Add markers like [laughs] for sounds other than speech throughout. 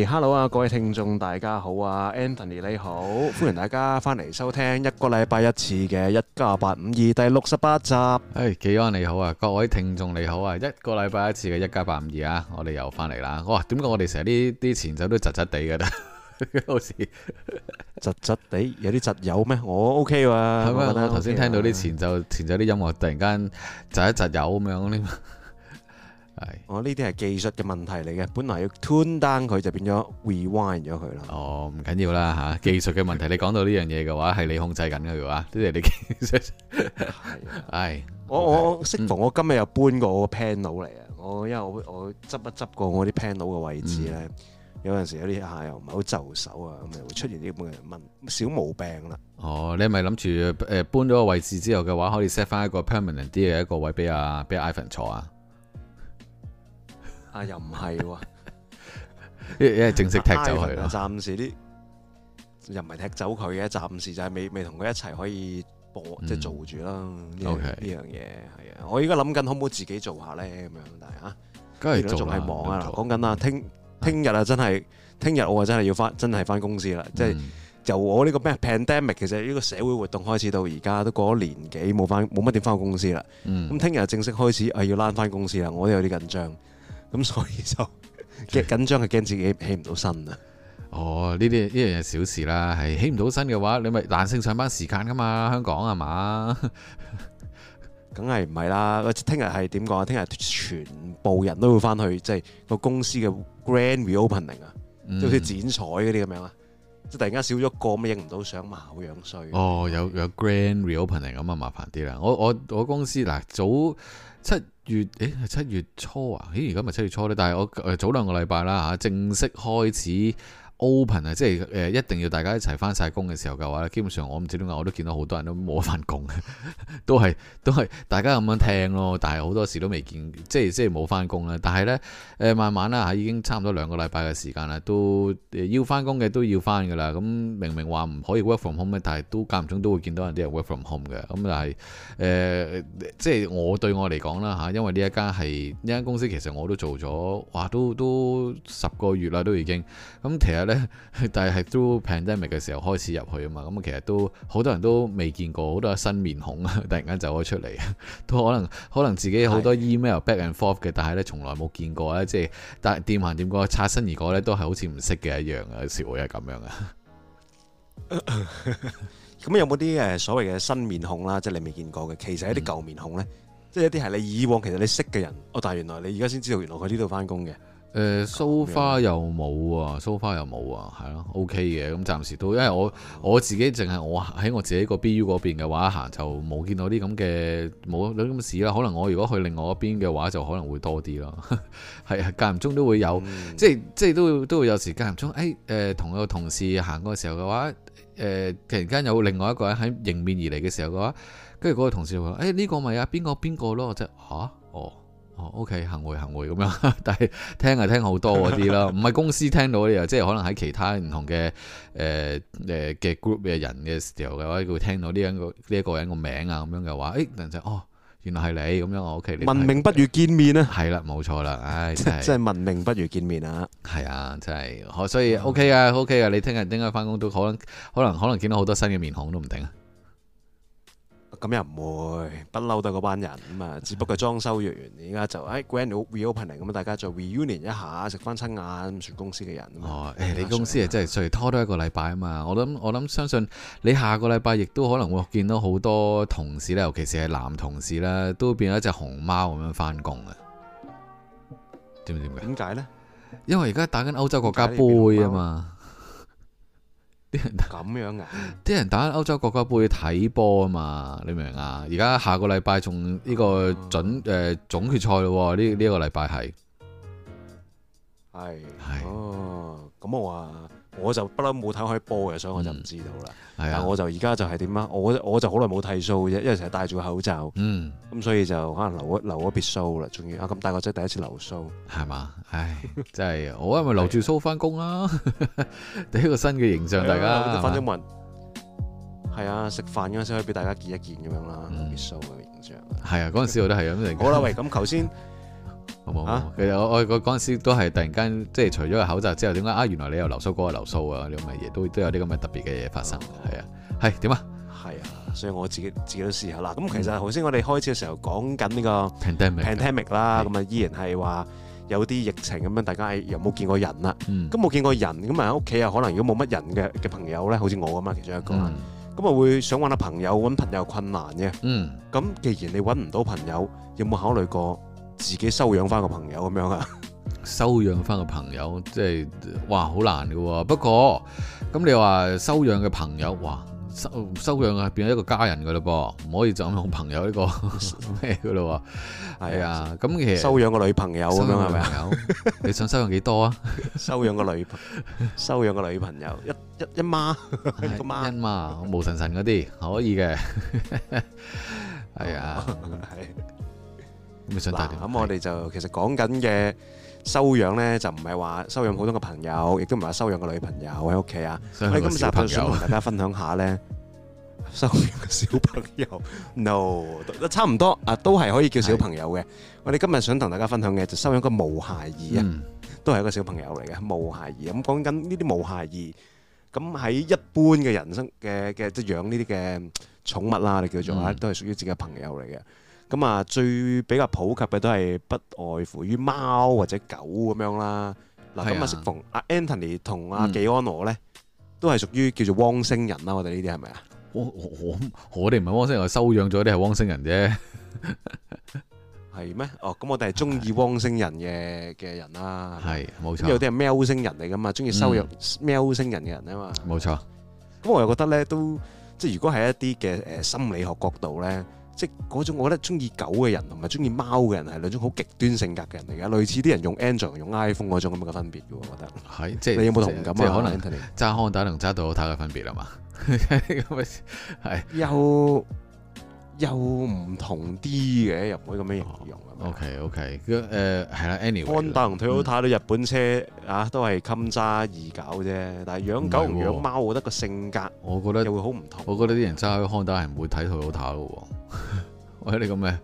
h e l l o 啊，Hello, 各位聽眾大家好啊，Anthony 你好，歡迎大家翻嚟收聽一個禮拜一次嘅一家八五二第六十八集。誒、哎，紀安你好啊，各位聽眾你好啊，一個禮拜一次嘅一家八五二啊，我哋又翻嚟啦。哇、哦，點解我哋成日呢啲前奏都窒窒地嘅咧？好似窒窒地，有啲窒友咩？我 OK 嘛、啊？嗎我頭先聽到啲前奏， [laughs] 前奏啲音樂突然間窒一窒友咁樣嗰我呢啲係技術嘅問題嚟嘅，本來要 turn down 佢就變咗 rewind 咗佢啦。哦，唔緊要啦吓，技術嘅問題，你講到呢樣嘢嘅話係你控制緊噶㗎嘛，都係你技術。係，我我適逢我今日又搬過我個 panel 嚟啊，我因為我我執一執過我啲 panel 嘅位置咧，有陣時有啲客又唔係好就手啊，咁咪會出現啲咁嘅問小毛病啦。哦，你咪諗住誒搬咗個位置之後嘅話，可以 set 翻一個 permanent 啲嘅一個位俾阿俾 Ivan 坐啊。啊，又唔係喎，因為正式踢走佢啦。暫時啲又唔係踢走佢嘅，暫時就係未未同佢一齊可以播，即係做住啦。呢呢樣嘢係啊，我依家諗緊，可唔可以自己做下咧？咁樣，但係嚇，當然 如果仲係忙啊，講緊啊，聽聽了日啊，真係聽日我啊真係要翻，真係翻公司啦。即係、嗯、由我呢個咩 pandemic，其實呢個社會活動開始到而家都過咗年幾，冇翻冇乜點翻到公司啦。咁聽、嗯、日正式開始，係要拉翻公司啦。我都有啲緊張。咁所以就即係緊張，係驚自己起唔到身啊！哦，呢啲呢樣嘢小事啦，係起唔到身嘅話，你咪難勝上班時間噶嘛？香港係嘛？梗係唔係啦？聽日係點講啊？聽日全部人都會翻去，即係個公司嘅 grand reopening 啊，即係好似剪彩嗰啲咁樣啊！即突然間少咗個，咩影唔到相嘛，好樣衰！哦，有有 grand reopening 咁啊，麻煩啲啦！我我我公司嗱早。七月，誒七月初啊，咦，而家咪七月初呢？但係我、呃、早兩個禮拜啦吓、啊，正式開始。open 啊，即係誒一定要大家一齊翻晒工嘅時候嘅話咧，基本上我唔知點解我都見到好多人都冇份工嘅，都係都係大家咁樣聽咯。但係好多時都未見，即係即係冇翻工啦。但係咧誒，慢慢啦吓，已經差唔多兩個禮拜嘅時間啦，都要翻工嘅都要翻㗎啦。咁、嗯、明明話唔可以 work from home 咧，但係都間唔中都會見到人哋 work from home 嘅。咁、嗯、但係誒、呃、即係我對我嚟講啦吓，因為呢一間係呢間公司其實我都做咗，哇都都十個月啦都已經，咁其實咧。但係係 through pandemic 嘅時候開始入去啊嘛，咁其實都好多人都未見過好多新面孔啊，突然間走咗出嚟，都可能可能自己好多 email back and forth 嘅，但係咧從來冇見過咧，的即係但係掂行掂過擦身而過咧，都係好似唔識嘅一樣啊，有時會係咁樣啊。咁 [laughs] [laughs] [laughs] 有冇啲誒所謂嘅新面孔啦，即係你未見過嘅，其實一啲舊面孔咧，嗯、即係一啲係你以往其實你識嘅人哦，但係原來你而家先知道原來佢呢度翻工嘅。誒，sofa 又冇啊，sofa 又冇啊，係咯，OK 嘅，咁、嗯、暫時都，因為我我自己淨係我喺我自己個 BU 嗰邊嘅話行就冇見到啲咁嘅冇咁事啦。可能我如果去另外一邊嘅話就可能會多啲咯。係係間唔中都會有，嗯、即係即係都都會有時間唔中，誒、哎、誒、呃、同一個同事行嗰個時候嘅話，誒突然間有另外一個人喺迎面而嚟嘅時候嘅話，跟住嗰個同事話，誒、哎這個啊、呢個咪啊邊個邊個咯？即係吓？哦。哦，OK，行會行會咁樣，但係聽係聽好多嗰啲啦，唔係公司聽到啲啊，即係可能喺其他唔同嘅、誒誒嘅 group 嘅人嘅時候嘅話，佢會聽到呢、這、一個呢一、這個人個名啊，咁樣嘅話，誒、鄧、欸、哦，原來係你咁樣，我 OK，聞名不如見面啊，係啦，冇錯啦，唉、哎，即係 [laughs] 聞名不如見面啊，係啊、哎，真係，所以 OK 啊，OK 啊，你聽日應該返工都可能可能可能見到好多新嘅面孔都唔定啊。咁又唔會，不嬲都嗰班人咁啊！只不過裝修完完，而家就哎 grand reopening 咁大家再 reunion 一下，食翻餐晏，全公司嘅人。哦，嗯，你公司係真係衰拖多一個禮拜啊嘛，我諗我諗相信你下個禮拜亦都可能會見到好多同事咧，尤其是係男同事啦，都變咗隻熊貓咁樣翻工啊？點點解呢？因為而家打緊歐洲國家杯啊嘛。啲人咁樣噶，啊，啲人打歐洲國家杯睇波啊嘛，你明唔明啊？而家下個禮拜仲呢個準誒總決賽喎，呢呢一個禮拜係，係，哦，咁我話，啊。我就不嬲冇睇開波嘅，所以我就唔知道啦。嗯啊、但係我就而家就係點啊？我我就好耐冇剃須嘅，因為成日戴住個口罩。嗯。咁所以就可能留咗留咗別須啦，仲要啊咁大個仔第一次留須，係嘛？唉，真係我因為留住須翻工啦？ [laughs] [laughs] 第一個新嘅形象大家。反正問。係啊，食飯嗰陣時可以俾大家見一見咁樣啦，嗯、別 show 嘅形象。係啊，嗰陣時我都係咁嚟。 [laughs] 好啦、啊，喂，咁頭先。 [laughs] 冇冇，其實我我嗰時都係突然間，即係除咗個口罩之後，點解啊？原來你又留鬚㗎，留鬚啊！啲咁嘅嘢都都有啲咁嘅特別嘅嘢發生，係啊，係點啊？係啊，所以我自己自己都試下啦。咁其實頭先我哋開始嘅時候講緊呢個 pandemic 啦，咁啊依然係話有啲疫情咁樣，大家又冇見過人啦。咁冇見過人，咁啊喺屋企啊，可能如果冇乜人嘅嘅朋友咧，好似我咁啊，其中一個，咁啊會想揾下朋友，揾朋友困難嘅。嗯，咁既然你揾唔到朋友，有冇考慮過？自己收養翻個朋友咁樣啊？收養翻個朋友，即係哇，好難噶，啊。不過咁你話收養嘅朋友，哇，收收養啊，變咗一個家人噶嘞噃，唔可以就咁用朋友呢、呢個咩噶嘞？係啊，咁、啊啊、其實收養個女朋友咁樣係、啊、咪？你想收養幾多啊？收養個女朋，收養個女朋友，一一一媽，一媽，無神神嗰啲可以嘅。係 [laughs] 啊。 [laughs] [laughs] 嗱，咁我哋就其實講緊嘅收養咧，就唔係話收養普通嘅朋友，亦都唔係話收養個女朋友喺屋企啊。我哋今日想同大家分享下咧，收養小朋友，no，差唔多啊，都係可以叫小朋友嘅。我哋今日想同大家分享嘅就收養個毛孩兒啊，都係一個小朋友嚟嘅毛孩兒。咁講緊呢啲毛孩兒，咁喺一般嘅人生嘅嘅，即係養呢啲嘅寵物啦，你叫做啊，都係屬於自己嘅朋友嚟嘅。咁啊，最比較普及嘅都係不外乎於貓或者狗咁樣啦。嗱，咁啊，嗯、適逢阿 Anthony 同阿紀安羅咧，都係屬於叫做汪星人啦。我哋呢啲係咪啊？我我哋唔係汪星人，收養咗啲係汪星人啫。係 [laughs] 咩？哦，咁我哋係中意汪星人嘅嘅人啦。係是，冇嗎錯。因為有啲係喵星人嚟㗎嘛，中意收養喵星人嘅人啊嘛、嗯。冇錯。咁我又覺得咧，都即係如果喺一啲嘅誒心理學角度咧。即係嗰種，我種，roid，種，我覺得鍾意狗嘅人同埋鍾意貓嘅人係兩種好極端性格嘅人嚟嘅。類似啲人用 Android 用 iPhone 嗰種咁嘅分別嘅，我覺得係即係你有冇同感啊？可能揸康達能揸到好睇嘅分別啊嘛，係又。又唔同啲嘅，又唔會咁形容。O K O K，誒係啦。Any Honda 同 Toyota 啲日本車啊，都係襟揸易搞啫。但係養狗唔養貓，我覺得個性格我覺得又會好唔同。我覺得啲人揸開 Honda 係唔會睇 Toyota 嘅喎。我哋咁嘅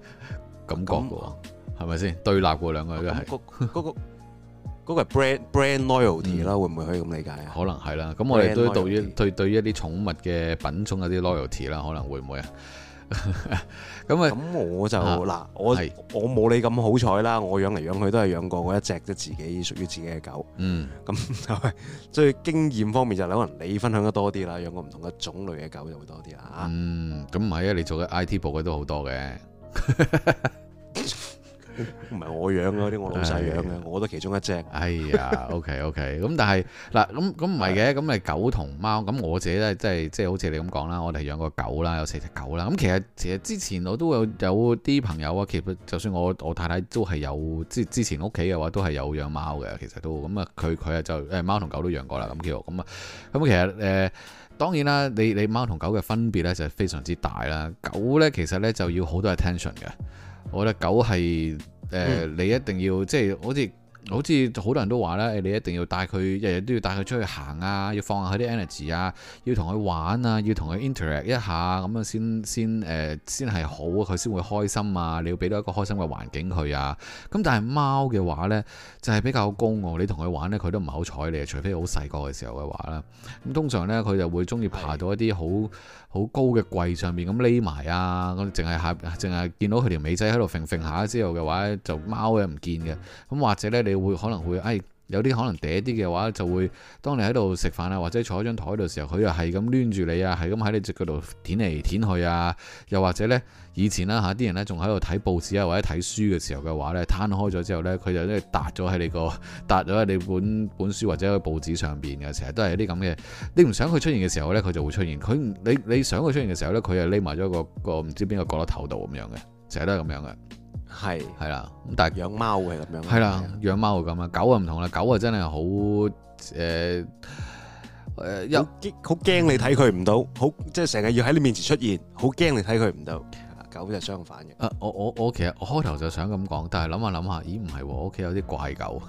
感覺喎，係咪先對立喎？兩個都係嗰個嗰個係 brand brand loyalty 啦，會唔會可以咁理解啊？可能係啦。咁我哋都對於對對於一啲寵物嘅品種有啲 loyalty 啦，可能會唔會啊？咁、 [laughs] 就是、啊！咁我就嗱，我我冇你咁好彩啦，我養嚟養去都係養過嗰一隻啫，自己屬於自己嘅狗。嗯，咁係、即係，所以經驗方面就係可能你分享得多啲啦，養過唔同嘅種類嘅狗就會多啲啦。啊，嗯，咁唔係啊，你做嘅 IT 部嘅都好多嘅。 [laughs] 唔係我養嘅，啲我老細養嘅，我得的其中一隻。哎呀，OK OK，咁但係嗱咁咁唔係嘅，咁咪狗同貓。咁的我自己咧、就是，即係即係好似你咁講啦，我哋養過狗啦，有四隻狗啦。咁其實其實之前我都有有啲朋友啊，其實就算我我太太都係有之之前屋企嘅話，都係有養貓嘅，其實都咁啊。佢佢啊就誒貓同狗都養過啦，咁叫咁啊。咁其實誒、呃、當然啦，你你貓同狗嘅分別咧就係非常之大啦。狗咧其實咧就要好多 attention 嘅。我覺得狗係誒、呃，你一定要即係好似好似好多人都話啦，你一定要帶佢，日日都要帶佢出去行啊，要放下佢啲 energy 啊，要同佢玩啊，要同佢 interact 一下咁樣，先先誒，先係、呃、好佢先會開心啊，你要俾到一個開心嘅環境佢啊。咁但係貓嘅話呢，就係、是、比較高傲，你同佢玩呢，佢都唔係好睬你，除非好細個嘅時候嘅話啦。咁通常呢，佢就會鍾意爬到一啲好好高嘅櫃上面咁匿埋啊！咁淨係下，淨係見到佢條尾仔喺度揈揈下之後嘅話，就貓嘅唔見嘅。咁或者呢，你會可能會哎。有啲可能嗲啲嘅話，就會當你喺度食飯啊，或者坐喺張台度時候，佢又係咁攣住你啊，係咁喺你隻腳度舔嚟舔去啊。又或者呢，以前啦、啊、嚇，啲人呢仲喺度睇報紙啊，或者睇書嘅時候嘅話呢，攤開咗之後呢，佢就真係笪咗喺你個笪咗喺你本本書或者報紙上邊嘅，成日都係啲咁嘅。你唔想佢出現嘅時候呢，佢就會出現。佢，你你想佢出現嘅時候呢，佢又匿埋咗個個唔知邊個角落頭度咁樣嘅，成日都係咁樣嘅。係係啦，咁但係養貓會係咁樣，係啦，養貓係咁啊，是狗啊唔同啦，狗啊真係、呃、好誒誒，有好驚你睇佢唔到，好即係成日要喺你面前出現，好驚你睇佢唔到。狗就相反嘅。啊，我我我其實我開頭就想咁講，但係諗下諗下，咦唔係，我屋企有啲怪狗，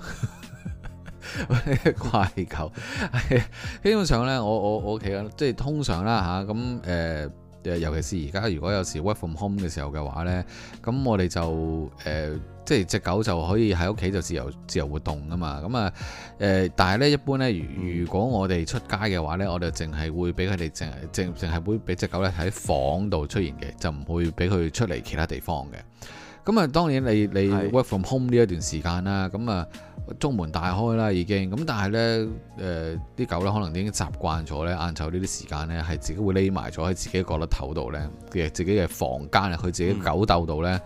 [laughs] 怪狗。Are, 基本上咧，我我我屋企即係通常啦吓，咁、啊、誒。尤其是而家如果有時 work from home 嘅時候嘅話呢，咁我哋就誒、呃，即係隻狗就可以喺屋企就自由自由活動啊嘛。咁啊，誒、呃，但係呢，一般呢，如果我哋出街嘅話呢，我哋淨係會俾佢哋淨淨淨係會俾隻狗咧喺房度出現嘅，就唔會俾佢出嚟其他地方嘅。咁啊，當然你你 work from home 呢一段時間啦，咁啊是的 中門大開啦，已經咁，但係咧誒啲狗咧，可能已經習慣咗咧晏晝呢啲時間咧，係自己會匿埋咗喺自己個角落頭度咧，其實自己嘅房間啊，佢自己狗竇度咧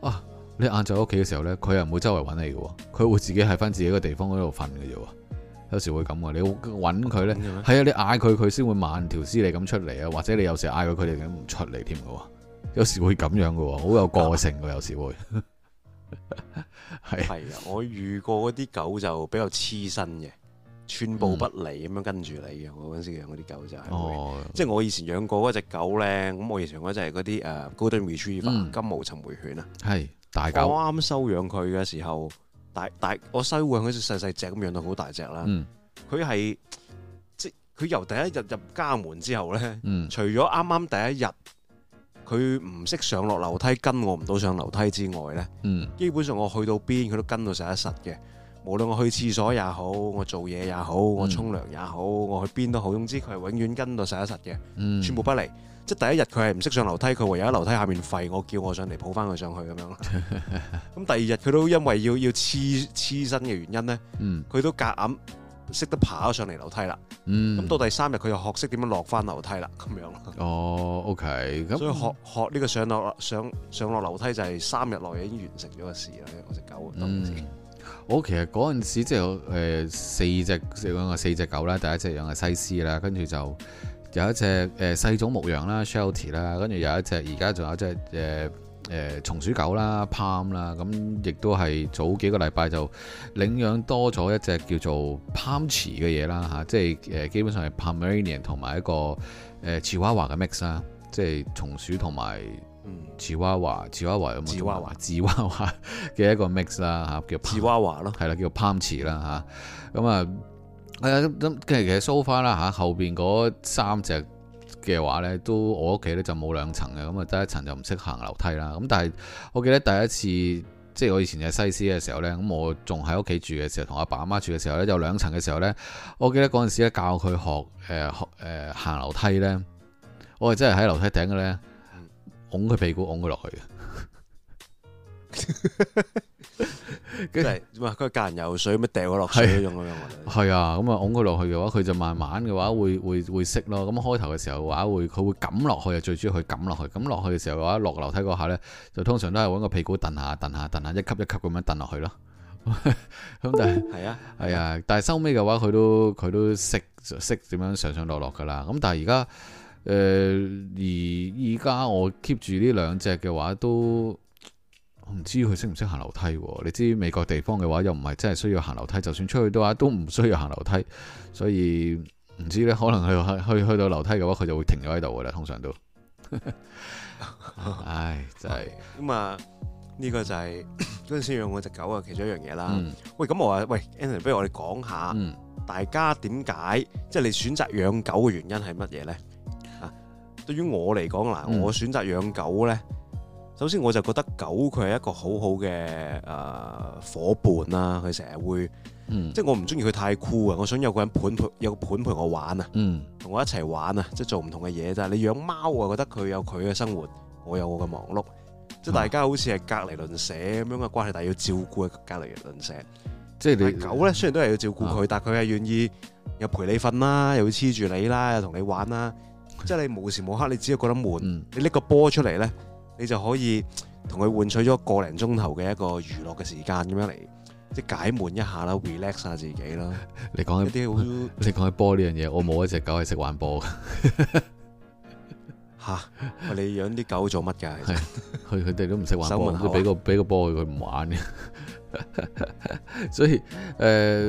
啊，你晏晝屋企嘅時候咧，佢又唔會周圍揾你嘅喎，佢會自己喺翻自己嘅地方嗰度瞓嘅啫喎，有時會咁嘅，你揾佢咧，係啊、嗯，你嗌佢佢先會慢條斯理咁出嚟啊，或者你有時嗌佢佢哋咁唔出嚟添嘅喎。有時會咁樣嘅，好有個性嘅，有時會係。係啊 [laughs] 是，我遇過嗰啲狗就比較黐身嘅，寸步不離咁樣跟住你嘅。我嗰陣時養嗰啲狗就係，即係、哦、我以前養過嗰隻狗咧，咁我以前嗰隻係嗰啲誒 Golden Retriever，嗯、金毛尋回犬啊，係大狗。我啱收養佢嘅時候，大大我收養嗰隻細細隻，咁養到好大隻啦。佢係、嗯、即佢由第一日入家門之後咧，嗯、除咗啱啱第一日。佢唔識上落樓梯，跟我唔到上樓梯之外呢，嗯，基本上我去到邊，佢都跟到實一實嘅。無論我去廁所也好，我做嘢也好，嗯、我沖涼也好，我去邊都好，總之佢係永遠跟到實一實嘅，寸步不離。嗯、即係第一日佢係唔識上樓梯，佢唯有喺樓梯下面吠，我叫我上嚟抱翻佢上去咁樣。咁 [laughs] [laughs] 第二日佢都因為要要黐黐身嘅原因呢，佢、嗯、都夾硬。識得爬上嚟樓梯啦，咁、嗯、到第三日佢又學識點樣落翻樓梯啦，咁樣咯。哦，OK，咁所以學、嗯、學呢個上落上上落樓梯就係三日內已經完成咗個事啦。我隻狗，嗯，我其實嗰陣時即係誒四隻，四隻狗啦，第一隻養係西施啦，跟住就有一隻誒細種牧羊啦，Shelty 啦，跟住有一隻，而家仲有一隻誒。呃誒、呃、松鼠狗啦，palm 啦，咁、嗯、亦都係早幾個禮拜就領養多咗一隻叫做 palmchi 嘅嘢啦嚇、啊，即係誒、呃、基本上係 Pomeranian 同埋一個誒柴娃娃嘅 mix 啦，即、就、係、是、松鼠同埋柴娃娃、嗯、柴娃娃嘅柴娃娃，柴娃娃嘅一個 mix 啦嚇，叫柴娃娃咯，係啦，叫 palmchi 啦嚇，咁啊，係、嗯、啊，咁咁其實 so far 啦嚇，後邊嗰三隻嘅話呢，都我屋企呢就冇兩層嘅，咁啊得一層就唔識行樓梯啦。咁、嗯、但係我記得第一次，即係我以前喺西施嘅時候呢，咁我仲喺屋企住嘅時候，同、嗯、阿爸阿媽，媽住嘅時候呢，有兩層嘅時候呢，我記得嗰陣時咧教佢學誒學誒行樓梯呢，我係真係喺樓梯頂嘅呢，拱佢屁股拱佢落去嘅。 [laughs] 即係唔係佢教人游水，咩掉咗落去嗰種咁樣。係啊，咁啊，拱佢落去嘅話，佢就慢慢嘅話會會會識咯。咁開頭嘅時候嘅話，會佢會撳落去啊，最主要佢撳落去。咁落去嘅時候嘅話，落樓梯嗰下咧，就通常都係揾個屁股蹬下、蹬下、蹬下，一級一級咁樣蹬落去咯。咁但係，係啊，係啊，但係收尾嘅話，佢都佢都識識點樣上上落落噶啦。咁但係而家誒而而家我 keep 住呢兩隻嘅話都。唔知佢識唔識行樓梯？哦，你知美國地方嘅話又唔係真係需要行樓梯，就算出去嘅話都唔需要行樓梯，所以唔知咧可能去去去到樓梯嘅話，佢就會停咗喺度噶啦，通常都，唉、 [laughs] 哎，真係咁啊！呢個就係嗰陣時養我隻狗啊，其中一樣嘢啦。喂，咁我話喂，Anthony，不如我哋講下，大家點解，嗯、即係你選擇養狗嘅原因係乜嘢呢？」啊，對於我嚟講嗱，我選擇養狗呢。嗯首先我就覺得狗佢係一個好好嘅誒夥伴啦，佢成日會，嗯、即係我唔中意佢太酷啊！我想有個人伴陪，有個伴陪我玩啊，同、嗯、我一齊玩啊，即係做唔同嘅嘢。但係你養貓我覺得佢有佢嘅生活，我有我嘅忙碌，啊、即係大家好似係隔離鄰舍咁樣嘅關係，但係要照顧嘅隔離鄰舍。即係你狗咧，雖然都係要照顧佢，啊、但係佢係願意又陪你瞓啦，又要黐住你啦，又同你玩啦，即係你無時無刻你只要覺得悶，嗯、你拎個波出嚟咧。你就可以同佢換取咗個零鐘頭嘅一個娛樂嘅時間咁樣嚟，即係解悶一下啦，relax 下自己啦。你講緊啲，好你講緊波呢樣嘢，我冇一隻狗係識玩波嘅 [laughs] 你養啲狗做乜㗎？佢佢哋都唔識玩波，你俾、啊、個俾個波佢，佢唔玩嘅。 [laughs] 所以，誒、呃，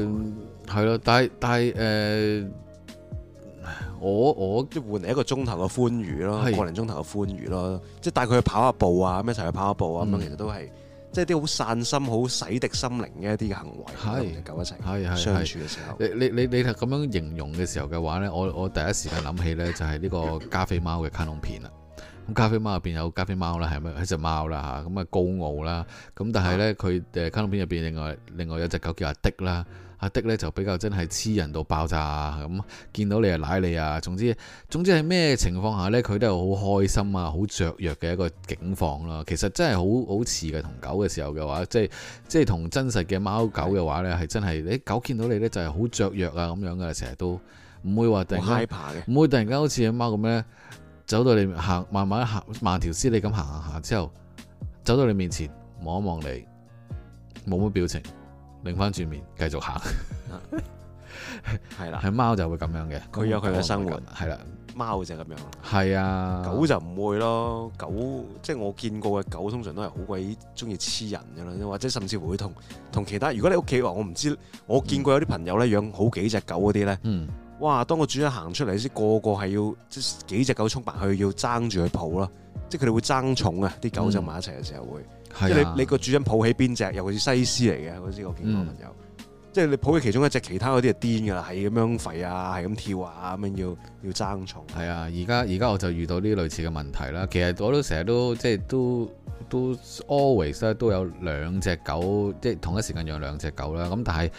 係咯、嗯，但係，但係，誒、呃。我我即換嚟一個鐘頭嘅歡愉咯，個零鐘頭嘅歡愉咯，即係帶佢去跑下步啊，咁一齊去跑下步啊，咁樣、嗯、其實都係，即係啲好散心、好洗滌心靈嘅一啲嘅行為，係夠是一齊，係係相處嘅時候。你你你咁樣形容嘅時候嘅話咧，我我第一時間諗起咧就係呢個加菲貓嘅卡通片啦。 [laughs] 咁咖啡貓入邊有咖啡貓啦，係咪一隻貓啦吓？咁啊高傲啦，咁但係咧佢，誒，卡通片入邊另外另外有隻狗叫阿迪啦，阿迪咧就比較真係黐人到爆炸啊。咁，見到你啊，舐你啊，總之總之係咩情況下咧佢都係好開心啊，好雀躍嘅一個境況咯。其實真係好好似嘅同狗嘅時候嘅話，即係即係同真實嘅貓狗嘅話咧，係真係你、欸、狗見到你咧就係好雀躍啊咁樣嘅，成日都唔會話突然間唔會突然間好似隻貓咁咧。走到你行，慢慢行，慢條斯理咁行行下之後，走到你面前望一望你，冇乜表情，擰翻轉面繼續行，係啦，係貓就會咁樣嘅，佢有佢嘅生活，係啦，貓就咁樣，係啊，狗就唔會咯，狗即係我見過嘅狗，通常都係好鬼中意黐人噶啦，或者甚至會同同其他，如果你屋企話，我唔知，我見過有啲朋友咧養好幾隻狗嗰啲咧，嗯。哇！當個主人行出嚟先，個個係要即係幾隻狗衝埋去，要爭住去抱啦。即係佢哋會爭寵啊！啲狗喺埋一齊嘅時候會，即係、嗯、你的你個主人抱起邊隻？尤其是西施嚟嘅嗰時，我見過朋友，嗯、即係你抱起其中一隻，其他嗰啲就癲噶啦，係咁樣吠啊，係咁跳啊，咁樣要要爭寵。係啊！而家而家我就遇到呢類似嘅問題啦。其實我都成日都即係都。都 always 咧都有兩隻狗，即係同一時間養兩隻狗啦。咁但係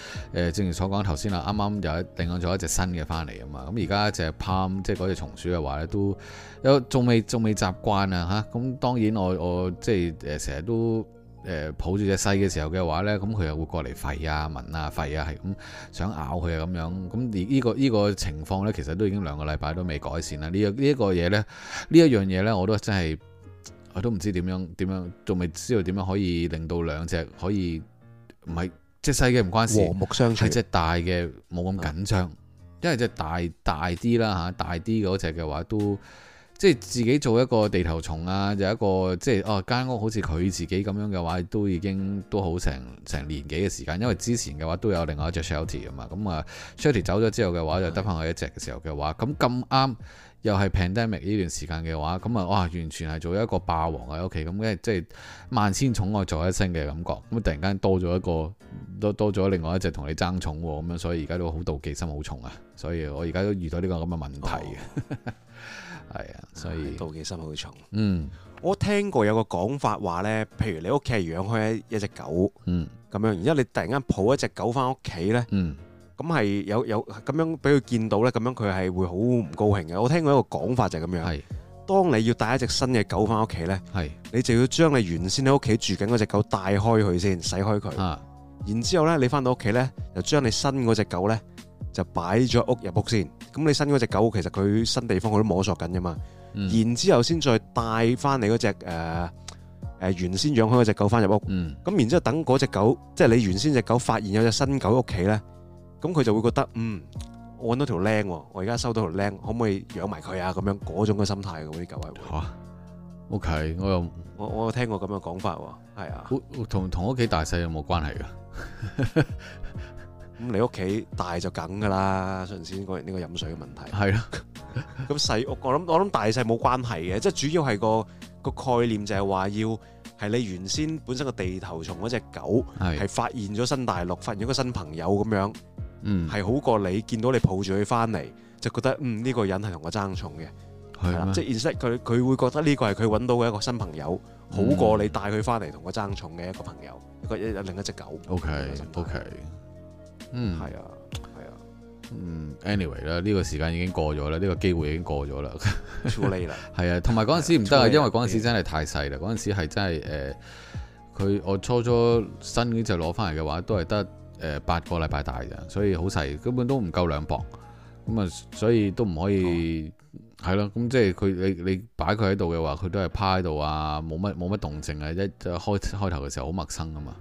誒，正如所講頭先啦，啱啱就領養咗一隻新嘅翻嚟啊嘛。咁而家隻 palm 即係嗰隻松鼠嘅話咧，都有仲未仲未習慣啊嚇。咁當然我我即係誒成日都誒、呃、抱住隻細嘅時候嘅話咧，咁佢又會過嚟吠啊、聞啊、吠啊，係咁想咬佢啊咁樣。咁而呢個呢、這個情況咧，其實都已經兩個禮拜都未改善啦。這個這個、呢個呢一個嘢咧，呢一樣嘢咧，我都真係～我都唔知點樣點樣，仲未知道點樣可以令到兩隻可以，唔係即係細嘅唔關事，和睦相處係隻大嘅冇咁緊張，緊張的因為隻大大啲啦嚇，大啲嗰、啊、隻嘅話都即係自己做一個地頭蟲啊，有一個即係哦間屋好似佢自己咁樣嘅話，都已經都好成成年幾嘅時間，因為之前嘅話都有另外一隻 Shelty 啊嘛的，咁啊、uh, Shelty 走咗之後嘅話，的就得翻佢一隻嘅時候嘅話，咁咁啱。又係 pandemic 呢段時間嘅話，咁啊哇，完全係做一個霸王喺屋企，咁即係萬千寵愛在一身嘅感覺。咁突然間多咗一個，多多咗另外一隻同你爭寵，咁樣所以而家都好妒忌心好重啊！所以我而家都遇到呢個咁嘅問題嘅，係啊、哦， [laughs] 所以、哎、妒忌心好重。嗯，我聽過有個講法話呢，譬如你屋企係養開一隻狗，嗯，咁樣，然之後你突然間抱一隻狗返屋企呢。嗯。咁係有有咁樣俾佢見到咧，咁樣佢係會好唔高興嘅。我聽過一個講法就係咁樣，係是當你要帶一隻新嘅狗翻屋企咧，係是你就要將你原先喺屋企住緊嗰隻狗帶開佢先，洗開佢，啊、然之後咧你翻到屋企咧，就將你新嗰隻狗咧就擺咗屋入屋先。咁你新嗰隻狗其實佢新地方佢都摸索緊咋嘛，嗯、然之後先再帶翻你嗰隻誒誒原先養開嗰隻狗翻入屋。咁、嗯、然之後等嗰隻狗，即係你原先隻狗發現有隻新，隻新隻狗屋企咧。咁佢就會覺得嗯，我揾到條靚喎，我而家收到條靚，可唔可以養埋佢啊？咁樣嗰種嘅心態，嗰啲狗係會。O、okay, K，我又我我有聽過咁嘅講法喎，係啊。同同屋企大細有冇關係㗎？咁 [laughs] 你屋企大就梗㗎啦。上先講完呢個飲水嘅問題係啊，咁細的 [laughs] 屋，我諗我諗大細冇關係嘅，即、就、係、是、主要係個個概念就係話要係你原先本身個地頭蟲嗰隻狗係發現咗新大陸，發現咗個新朋友咁樣。嗯，係好過你見到你抱住佢翻嚟，就覺得嗯，呢個人係同我爭寵嘅，係啦，即係，其實佢佢會覺得呢個係佢揾到嘅一個新朋友，好過你帶佢翻嚟同我爭寵嘅一個朋友，一個另一隻狗。O K，O K，嗯，係啊，係啊，嗯，Anyway 啦，呢個時間已經過咗啦，呢個機會已經過咗啦，too late 啦。係啊，同埋嗰陣時唔得啊，因為嗰陣時真係太細啦，嗰陣時係真係誒，佢我初初新嗰隻攞翻嚟嘅話，都係得。誒、呃、八個禮拜大咋，所以好細，根本都唔夠兩磅，咁、嗯、啊，所以都唔可以，係咯、oh.，咁、嗯、即係佢你你擺佢喺度嘅話，佢都係趴喺度啊，冇乜冇乜動靜啊，一開開頭嘅時候好陌生㗎嘛，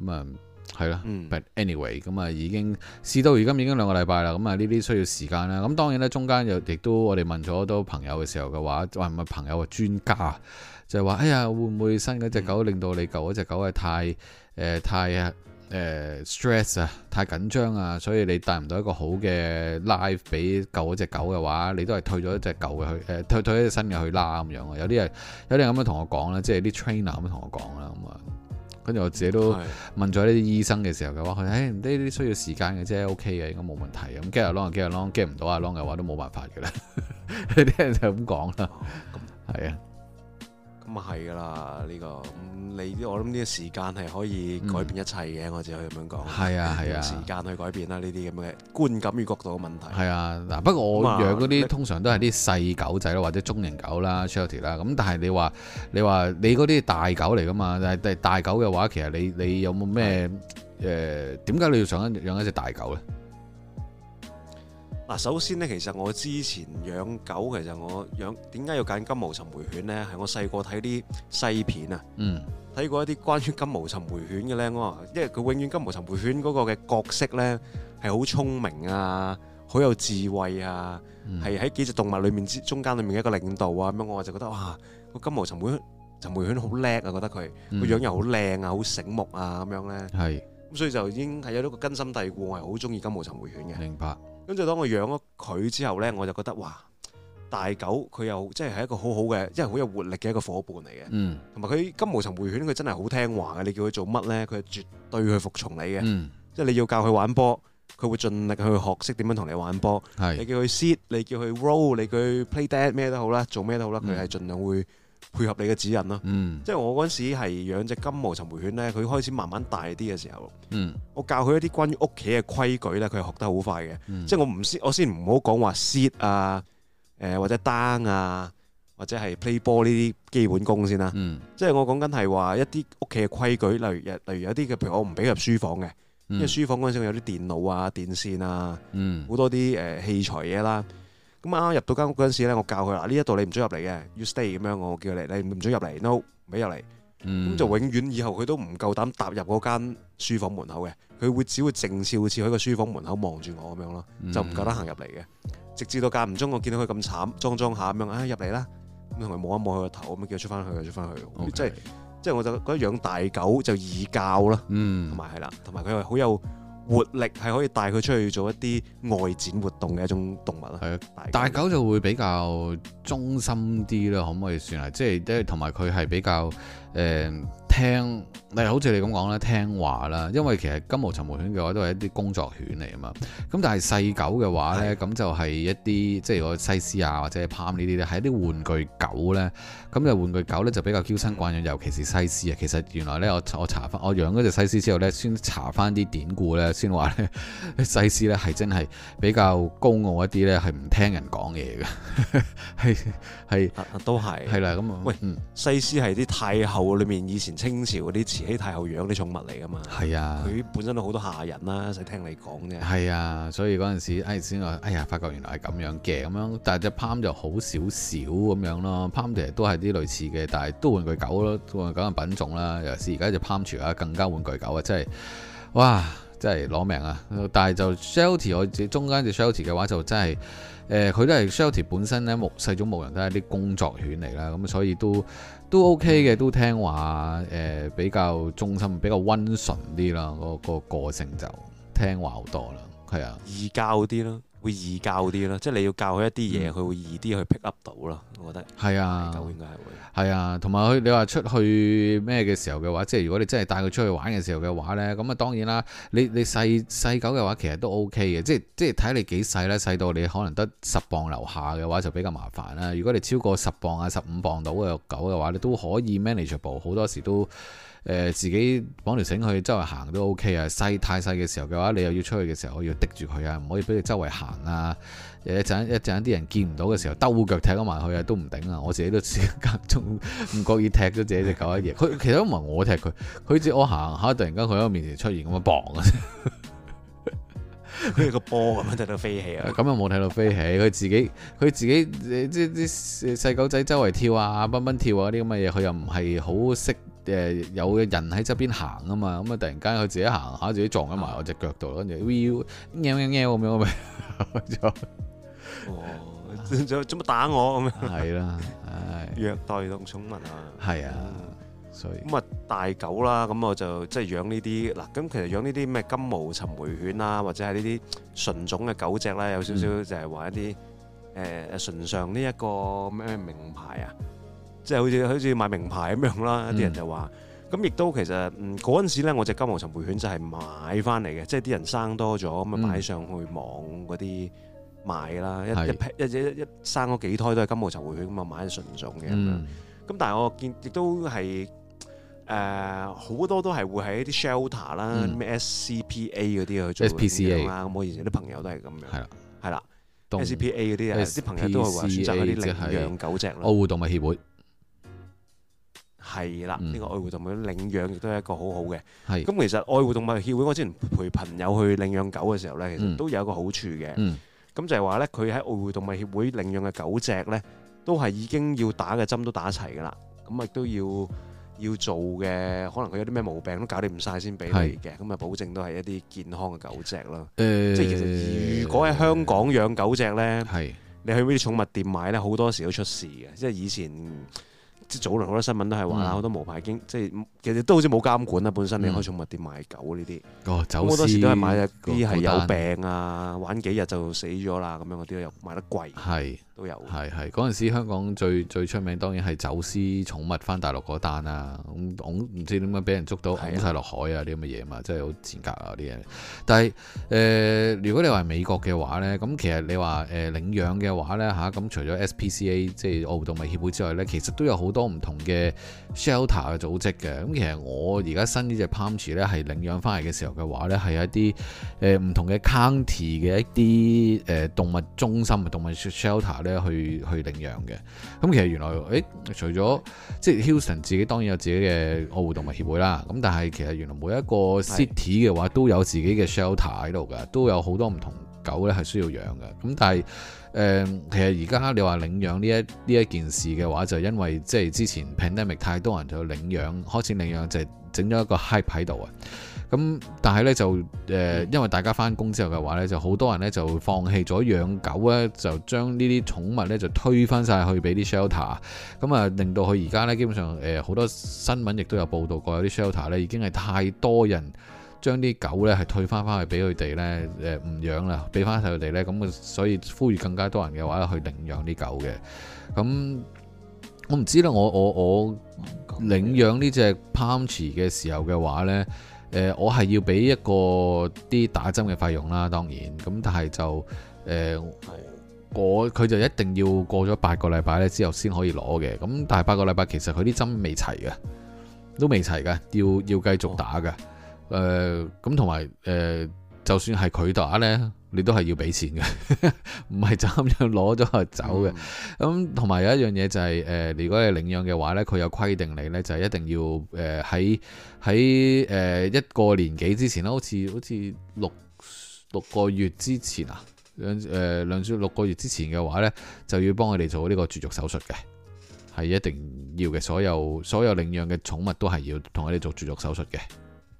咁啊係咯，but anyway，咁、嗯、啊已經試到而家已經兩個禮拜啦，咁啊呢啲需要時間啦，咁、嗯、當然咧中間又亦都我哋問咗好多朋友嘅時候嘅話，話唔係朋友啊專家啊，就係、是、話哎呀會唔會新嗰隻狗令到你舊嗰隻狗係太誒、呃、太啊？誒、呃、stress 啊，太緊張啊，所以你帶唔到一個好嘅 life 俾舊嗰隻狗嘅話，你都係退咗一隻舊嘅去，誒、呃、退退一隻新嘅去啦，咁、啊、樣、啊。有啲人有啲人咁樣同我講啦，即係啲 trainer 咁樣同我講啦咁啊。跟住我自己都問咗呢啲醫生嘅時候嘅話，佢誒呢啲需要時間嘅，啫 OK 嘅，應該冇問題，咁 get along get along，get 唔到啊 long 嘅話都冇辦法嘅啦。有 [laughs] 啲人就咁講啦，咁、嗯、啊。咁啊係噶啦，呢、呢個咁你我諗呢個時間係可以改變一切嘅，嗯、我只可以咁樣講。係啊係啊，啊時間去改變啦呢啲咁嘅觀感與角度嘅問題。係啊，嗱不過我養嗰啲通常都係啲細狗仔啦，或者中型狗啦，Sheltie 啦。咁但係你話你話你嗰啲大狗嚟噶嘛？但係大狗嘅話，其實你你有冇咩誒？點解的、呃、你要想養一隻大狗咧？嗱，首先咧，其實我之前養狗，其實我養點解要揀金毛尋回犬咧？係我細個睇啲西片啊，睇過一啲關於金毛尋回犬嘅咧，我話因為佢永遠金毛尋回犬嗰個嘅角色咧係好聰明啊，好有智慧啊，係喺幾隻動物裏面之中間裏面嘅一個領導啊，咁樣我就覺得哇，個金毛尋回尋回犬好叻啊，覺得佢個樣又好靚啊，好醒目啊，咁樣咧，係咁所以就已經係有咗個根深蒂固，我係好中意金毛尋回犬嘅。明白。跟住當我養咗佢之後呢，我就覺得嘩，大狗佢又即係一個好好嘅，即係好有活力嘅一個伙伴嚟嘅。同埋佢金毛尋回犬佢真係好聽話嘅，你叫佢做乜呢？佢絕對去服從你嘅。嗯，即係你要教佢玩波，佢會盡力去學識點樣同你玩波是。你叫佢 sit，你叫佢 roll，你叫佢 play dead 咩都好啦，做咩都好啦，佢係盡量會。嗯配合你嘅指引咯，嗯、即係我嗰時係養隻金毛尋回犬咧，佢開始慢慢大啲嘅時候，嗯、我教佢一啲關於屋企嘅規矩咧，佢係學得好快嘅。嗯、即係我唔先，我先唔好講話 sit 啊，誒或者 down 啊，或者係 play ball 呢啲基本功先啦。嗯、即係我講緊係話一啲屋企嘅規矩，例如例如有啲嘅，譬如我唔俾入書房嘅，嗯、因為書房嗰陣時有啲電腦啊、電線啊、好、嗯、多啲誒、呃、器材嘢啦。咁啱入到間屋嗰陣時咧，我教佢啦，呢一度你唔准入嚟嘅，You stay 咁樣，我叫你，你唔准入嚟，No，唔俾入嚟，咁、嗯、就永遠以後佢都唔夠膽踏入嗰間書房門口嘅，佢會只會靜悄悄喺個書房門口望住我咁樣咯，就唔夠膽行入嚟嘅，嗯、直至到間唔中我見到佢咁慘，裝裝下咁樣，唉入嚟啦，咁同佢摸一摸佢個頭，咁叫佢出翻去，出翻去，出去 Okay. 即，即係即係我就覺得養大狗就易教啦，同埋係啦，同埋佢係好有。活力係可以帶佢出去做一啲外展活動嘅一種動物啦。係啊的，大狗，大狗就會比較忠心啲啦，可唔可以算啊？即係即係同埋佢係比較誒。呃聽，例如好似你咁講啦，聽話啦，因為其實金毛、尋毛犬嘅話都係一啲工作犬嚟啊嘛。咁但係細狗嘅話咧，咁的就係一啲，即係我西施啊，或者係趴呢啲咧，係一啲玩具狗咧。咁就玩具狗咧就比較嬌生慣養，尤其是西施啊。其實原來咧，我我查翻，我養嗰隻西施之後咧，先查翻啲典故咧，先話咧西施咧係真係比較高傲一啲咧，係唔聽人講嘢嘅，係係都係係啦咁啊。喂，嗯，西施係啲太后裏面以前。清朝嗰啲慈禧太后養啲寵物嚟㗎嘛，係啊，佢本身都好多下人啦、啊，使聽你講嘅。係啊，所以嗰陣時，哎先話，哎呀，發覺原來係咁樣嘅，咁樣，但係隻 palm 就好少少咁樣咯。palm 其實都係啲類似嘅，但係都玩具狗咯，玩具狗嘅品種啦，尤其是而家隻 palm 犬啊，更加玩具狗啊，真係，哇，真係攞命啊！但係就 sheltie 我中間隻 sheltie 嘅話就真係。誒佢、呃、都係 Shelty 本身咧牧細種牧人，都係啲工作犬嚟啦，咁、嗯、所以都都 OK 嘅，都聽話誒、呃、比較忠心，比較温順啲啦，嗰、那個、那個個性就聽話好多啦，係啊，易教啲啦。會易教啲咯， [noise] 即係你要教佢一啲嘢，佢 [noise] 會易啲去 pick up 到咯。我覺得係啊，狗應該係會係啊，同埋佢你話出去咩嘅時候嘅話，即係如果你真係帶佢出去玩嘅時候嘅話呢，咁啊當然啦，你你細細狗嘅話其實都 OK 嘅，即係即係睇你幾細啦，細到你可能得十磅樓下嘅話就比較麻煩啦。如果你超過十磅啊十五磅到嘅狗嘅話，你都可以 manageable，好多時都。誒，自己綁條繩去周圍行都 OK 啊！細太細嘅時候嘅話，你又要出去嘅時候，我要滴住佢啊，唔可以俾你周圍行啊！一陣一陣啲人見唔到嘅時候，兜腳踢咗埋去啊，都唔頂啊！我自己都始終唔覺意踢咗自己隻狗一嘢。佢其實都唔係我踢佢，佢隻我行下，啊，突然間佢喺我面前出現咁樣磅啊！佢個波咁樣睇到飛起啊！咁又冇睇到飛起，佢自己佢自己即係啲細狗仔周圍跳啊，奔奔跳啊啲咁嘅嘢，佢又唔係好識。誒有嘅人喺側邊行啊嘛，咁啊突然間佢自己行下，自己撞喺埋我隻腳度，跟住 wee 咩咩咩咁樣咪，哦，做做乜打我咁樣？係啦，虐待動物啊！係啊，所以咁啊大狗啦，咁我就即係養呢啲嗱，咁其實養呢啲咩金毛尋回犬啦，或者係呢啲純種嘅狗隻啦，有少少就係玩一啲誒誒純尚呢一個咩名牌啊！即係好似好似買名牌咁樣啦，啲人就話咁，亦都其實嗰陣時咧，我隻金毛尋回犬就係買翻嚟嘅，即係啲人生多咗咁啊，擺上去網嗰啲買啦，一一一一生嗰幾胎都係金毛尋回犬咁啊，買啲純種嘅咁樣。咁但係我見亦都係誒好多都係會喺啲 shelter 啦，咩 S C P A 嗰啲去做嗰啲嘢啦。咁我以前啲朋友都係咁樣，係啦，係啦，S C P A 嗰啲啊，啲朋友都係選擇啲領養狗隻囉，愛護動物協會。係啦，呢、嗯、個愛護動物領養亦都係一個好好嘅。咁是其實愛護動物協會，我之前陪朋友去領養狗嘅時候呢，其實都有一個好處嘅。咁、嗯、就係話呢，佢喺愛護動物協會領養嘅狗隻呢，都係已經要打嘅針都打齊㗎啦。咁啊都要要做嘅，可能佢有啲咩毛病都搞掂唔曬先俾你嘅。咁啊是，保證都係一啲健康嘅狗隻咯。嗯、即係其實如果喺香港養狗隻呢，你去嗰啲寵物店買呢，好多時都出事嘅。即係以前。即早輪好多新聞都係話啦，好、嗯、多無牌經，即係其實都好似冇監管啦。嗯、本身你開寵物店賣狗呢啲，好、哦、多時都係買一啲係有病啊，蛋玩幾日就死咗啦，咁樣嗰啲又賣得貴。係。都有，係係嗰陣時香港最最出名當然係走私寵物翻大陸嗰單啦，咁、嗯、唔知點解俾人捉到，㧬曬落海啊啲咁嘅嘢嘛，真係好賤格啊啲嘢。但係誒、呃，如果你話美國嘅話、呃、話呢，咁其實你話誒領養嘅話呢，吓，咁除咗 SPCA 即係愛護動物協會之外呢，其實都有好多唔同嘅 shelter 嘅組織嘅。咁其實我而家新呢隻 Pomch 呢，係領養翻嚟嘅時候嘅話呢，係一啲誒唔同嘅 county 嘅一啲誒動物中心啊動物 shelter 呢。去去領養嘅，咁其實原來誒、欸，除咗即係 Hilton 自己當然有自己嘅愛護動物協會啦，咁但係其實原來每一個 city 嘅話都有自己嘅 shelter 喺度㗎，都有好多唔同狗咧係需要養嘅，咁但係誒、呃，其實而家你話領養呢一呢一件事嘅話，就因為即係之前 pandemic 太多人就去領養，開始領養就係整咗一個 hype 喺度啊。咁但係咧就誒、呃，因為大家翻工之後嘅話咧，就好多人咧就放棄咗養狗咧，就將呢啲寵物咧就推翻晒去俾啲 shelter。咁啊，令到佢而家咧基本上誒好、呃、多新聞亦都有報道過，有啲 shelter 咧已經係太多人將啲狗咧係推翻翻去俾佢哋咧誒唔養啦，俾翻曬佢哋咧咁，啊、嗯，所以呼籲更加多人嘅話去領養啲狗嘅。咁我唔知啦，我我我，我領養呢隻 Palm Tree 嘅時候嘅話咧。誒、呃，我係要俾一個啲打針嘅費用啦，當然，咁但係就誒、呃，我佢就一定要過咗八個禮拜咧之後先可以攞嘅，咁但係八個禮拜其實佢啲針未齊嘅，都未齊嘅，要要繼續打嘅，誒、呃，咁同埋誒，就算係佢打呢。你都係要俾錢嘅，唔 [laughs] 係就咁樣攞咗就走嘅。咁同埋有一樣嘢就係、是，誒、呃，如果你領養嘅話呢佢有規定你呢就係、是、一定要誒喺喺誒一個年紀之前啦，好似好似六六個月之前啊，兩誒、呃、兩歲六個月之前嘅話呢就要幫我哋做呢個絕育手術嘅，係一定要嘅。所有所有領養嘅寵物都係要同我哋做絕育手術嘅，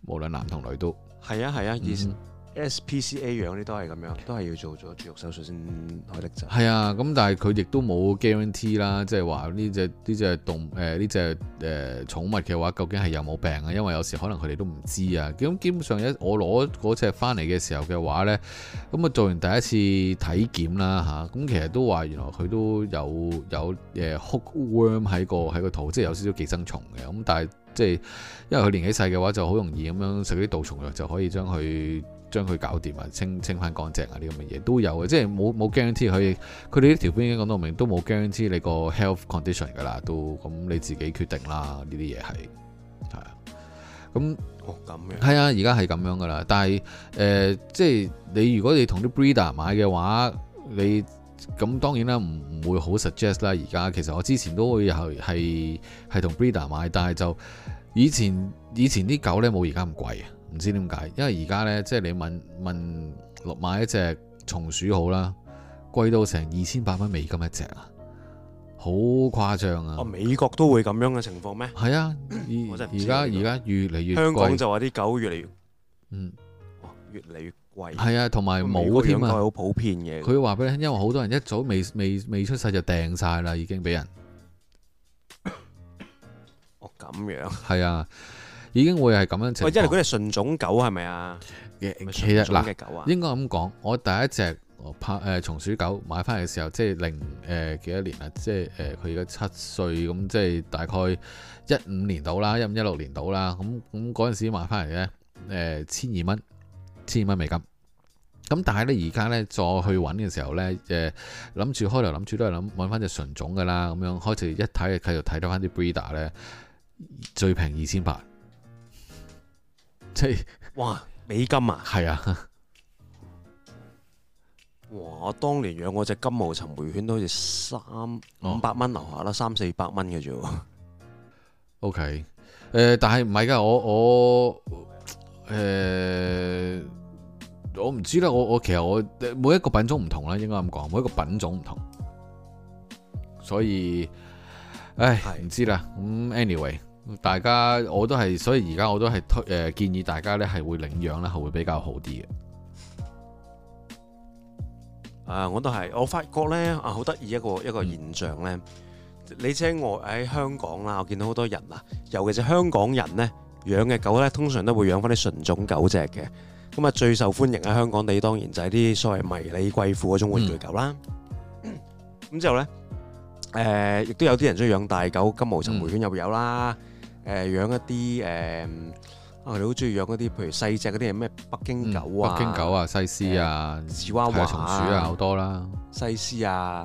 無論男同女都係啊，係啊，SPCA 養嗰啲都係咁樣，都係要做咗絕育手術先可以搦、就、走、是。係啊，咁但係佢亦都冇 guarantee 啦，即係話呢隻呢隻動誒呢隻誒寵物嘅話，究竟係有冇病啊？因為有時可能佢哋都唔知啊。咁基本上一我攞嗰隻翻嚟嘅時候嘅話咧，咁、嗯、啊做完第一次體檢啦吓，咁、啊嗯、其實都話原來佢都有有誒 hookworm 喺個喺個肚，即、就、係、是、有少少寄生蟲嘅。咁、嗯、但係即係因為佢年紀細嘅話，就好容易咁樣食啲杜蟲藥就可以將佢。將佢搞掂啊，清清翻乾淨啊，呢咁嘅嘢都有嘅，即係冇冇 guarantee 佢佢哋啲條片已經講到明，都冇 guarantee 你個 health condition 噶啦，都咁你自己決定啦，呢啲嘢係係啊，咁哦咁樣係啊，而家係咁樣噶啦，但係誒，即係你如果你同啲 breeder 買嘅話，你咁當然啦，唔唔會好 suggest 啦。而家其實我之前都會係係係同 breeder 買，但係就以前以前啲狗咧冇而家咁貴啊。唔知點解，因為而家咧，即係你問問落買一隻松鼠好啦，貴到成二千八蚊美金一隻啊，好誇張啊！美國都會咁樣嘅情況咩？係啊，而家而家越嚟越香港就話啲狗越嚟越嗯，越嚟越貴。係啊，同埋冇添啊！好普遍嘅。佢話俾你聽，因為好多人一早未未未出世就掟晒啦，已經俾人。哦，咁樣。係啊。已經會係咁樣。喂，即係嗰隻純種狗係咪啊？其實嗱，是是應該咁講，我第一隻拍誒、呃、松鼠狗買翻嚟嘅時候，即係零誒、呃、幾多年啦，即係誒佢而家七歲咁，即係大概一五年到啦，一五一六年到啦。咁咁嗰陣時買翻嚟嘅誒千二蚊，千二蚊美金。咁但係咧，而家咧再去揾嘅時候咧，誒諗住開頭諗住都係諗揾翻隻純種嘅啦，咁樣開始一睇就繼續睇到翻啲 breeder 咧，最平二千八。即係哇，美金啊，係啊！ [laughs] 哇，我當年養我隻金毛尋梅犬都好似三、哦、五百蚊樓下啦，三四百蚊嘅啫。OK，誒、呃，但係唔係噶，我我誒，我唔知啦。我我其實我每一個品種唔同啦，應該咁講，每一個品種唔同，同，所以唉，唔的知啦。咁、嗯、，anyway。大家我都係，所以而家我都係推誒、啊、建議大家咧係會領養啦，係會比較好啲嘅。啊，我都係，我發覺咧啊好得意一個一個現象咧，嗯、你知我喺香港啦，我見到好多人啊，尤其是香港人咧養嘅狗咧，通常都會養翻啲純種狗隻嘅。咁啊最受歡迎喺香港地，你當然就係啲所謂迷你貴婦嗰種玩具狗啦。咁之、嗯、 [coughs] 後咧，誒、呃、亦都有啲人中意養大狗，金毛尋回犬又有，有啦。誒養一啲誒，我哋好中意養嗰啲，譬如細隻嗰啲嘢，咩北京狗啊、西施啊、芝娃娃、黃松鼠啊，好多啦。西施啊，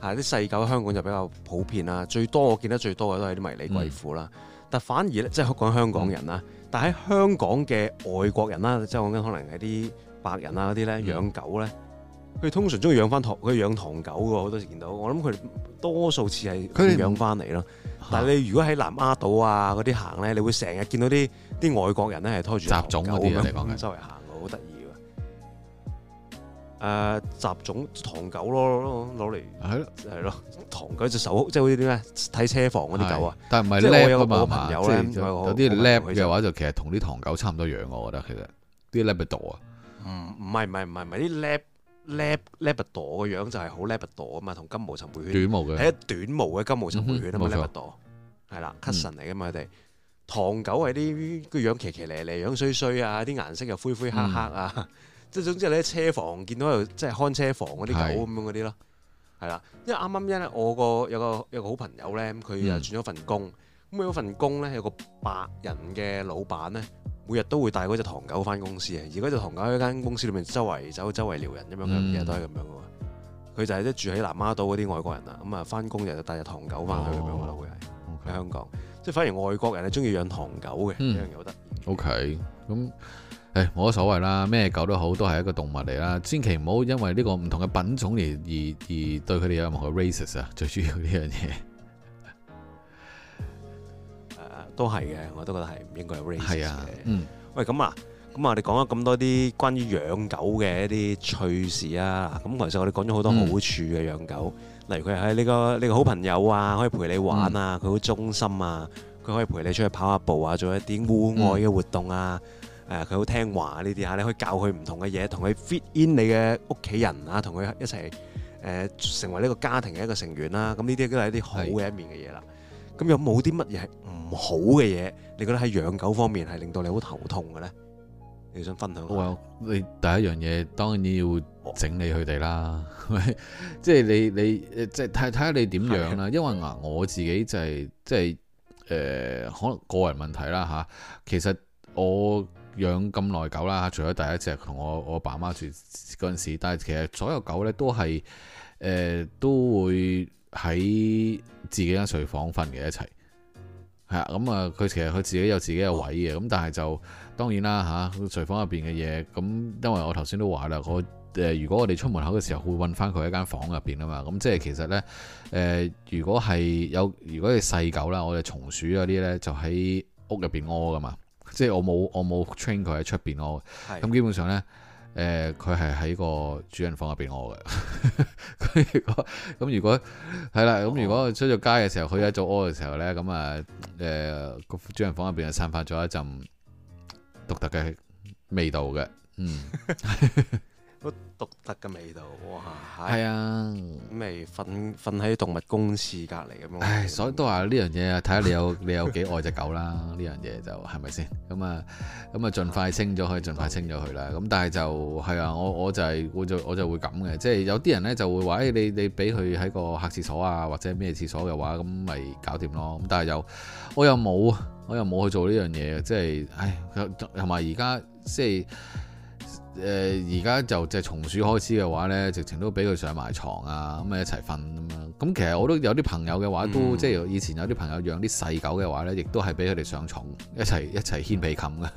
嚇啲細狗香港就比較普遍啦。最多我見得最多嘅都係啲迷你貴婦啦。但反而即係講香港人啦。但喺香港嘅外國人啦，即係講緊可能係啲白人啊嗰啲咧，養狗咧，佢通常中意養翻唐，佢養唐狗嘅好多時見到。我諗佢多數次係佢養翻嚟咯。但係你如果喺南丫島啊嗰啲行咧，你會成日見到啲啲外國人咧係拖住雜種嗰啲嚟講嘅，周圍行好得意㗎。誒，雜種唐狗咯，攞嚟係咯係咯，唐狗隻手即係好似啲咩睇車房嗰啲狗啊。但係唔係 Lab 啊嘛，有啲 Lab 嘅話就其實同啲唐狗差唔多樣，我覺得其實啲 Lab 咪多啊。嗯，唔係唔係唔係唔係啲 Lab，l a Labrador 嘅樣就係好 Labrador 啊嘛，同金毛尋回犬，短毛嘅，係啊短毛嘅金毛尋回犬啊嘛 Labrador，係啦 cousin 嚟嘅嘛佢哋，唐狗係啲個樣騎騎咧咧，樣衰衰啊，啲顏色又灰灰黑黑啊，即係、嗯、總之你喺車房見到又即係看車房嗰啲狗咁樣嗰啲咯，係啦、嗯對，因為啱啱咧我個有個有個好朋友咧，佢又轉咗份工，咁佢、嗯、份工咧有個白人嘅老闆咧。每日都會帶嗰隻唐狗翻公司嘅，而嗰隻唐狗喺間公司裏面周圍走，周圍撩人咁、嗯、樣嘅，日日都係咁樣嘅喎。佢就係咧住喺南丫島嗰啲外國人啦，咁啊翻工日就帶隻唐狗翻去咁樣，可能會係喺香港，即係反而外國人係中意養唐狗嘅，一樣嘢好得意。OK，咁誒冇乜所謂啦，咩狗都好，都係一個動物嚟啦，千祈唔好因為呢個唔同嘅品種而而而對佢哋有任何嘅 races 啊，最主要呢樣嘢。都係嘅，我都覺得係唔應該有 race 嘅。啊嗯、喂，咁啊，咁啊，我哋講咗咁多啲關於養狗嘅一啲趣事啊，咁其實我哋講咗好多好處嘅養狗，嗯、例如佢喺呢個你個好朋友啊，可以陪你玩啊，佢好、嗯、忠心啊，佢可以陪你出去跑下步啊，做一啲戶外嘅活動啊，誒、嗯，佢好、啊、聽話呢、啊、啲啊，你可以教佢唔同嘅嘢，同佢 fit in 你嘅屋企人啊，同佢一齊誒、呃、成為呢個家庭嘅一個成員啦、啊。咁呢啲都係一啲好嘅一面嘅嘢啦。咁有冇啲乜嘢係唔好嘅嘢？你覺得喺養狗方面係令到你好頭痛嘅呢？你想分享？你第一樣嘢當然要整理佢哋啦，即係、哦、 [laughs] 你你即係睇睇下你點養啦。的因為啊，我自己就係即係誒，可能個人問題啦嚇。其實我養咁耐狗啦，除咗第一隻同我我爸媽住嗰陣時，但係其實所有狗呢都係誒、呃、都會。喺自己間睡房瞓嘅一齊，係啊，咁、嗯、啊，佢其實佢自己有自己嘅位嘅，咁、嗯、但係就當然啦吓、啊，睡房入邊嘅嘢，咁、嗯、因為我頭先都話啦，我誒、呃、如果我哋出門口嘅時候會搵翻佢喺間房入邊啊嘛，咁、嗯、即係其實咧，誒、呃、如果係有如果係細狗啦，我哋松鼠嗰啲咧就喺屋入邊屙噶嘛，即係我冇我冇 train 佢喺出邊屙，咁的基本上咧。誒，佢係喺個主人房入邊屙嘅。咁如果咁如果係啦，咁、oh。如果我出咗街嘅時候，佢一早屙嘅時候咧，咁啊誒個主人房入邊係散發咗一陣獨特嘅味道嘅，嗯。 [laughs] [laughs] 好獨特嘅味道，哇！係啊，咁咪瞓瞓喺動物公廁隔離咁咯。唉，所以都話呢樣嘢啊，睇下你有你有幾愛隻狗啦。呢樣嘢就係咪先？咁啊，咁啊，盡快清咗佢，盡快清咗佢啦。咁但係就係啊，我我就係我就我就會咁嘅，即係有啲人咧就會話，誒，你你俾佢喺個客廁所啊，或者咩廁所嘅話，咁咪搞掂咯。咁但係又我又冇，我又冇去做呢樣嘢，即係唉，同埋而家即係。誒而家就即係松鼠開始嘅話呢，直情都俾佢上埋床啊，咁啊一齊瞓咁樣。咁其實我都有啲朋友嘅話都，都即係以前有啲朋友養啲細狗嘅話呢，亦都係俾佢哋上床，一齊一齊掀被冚嘅。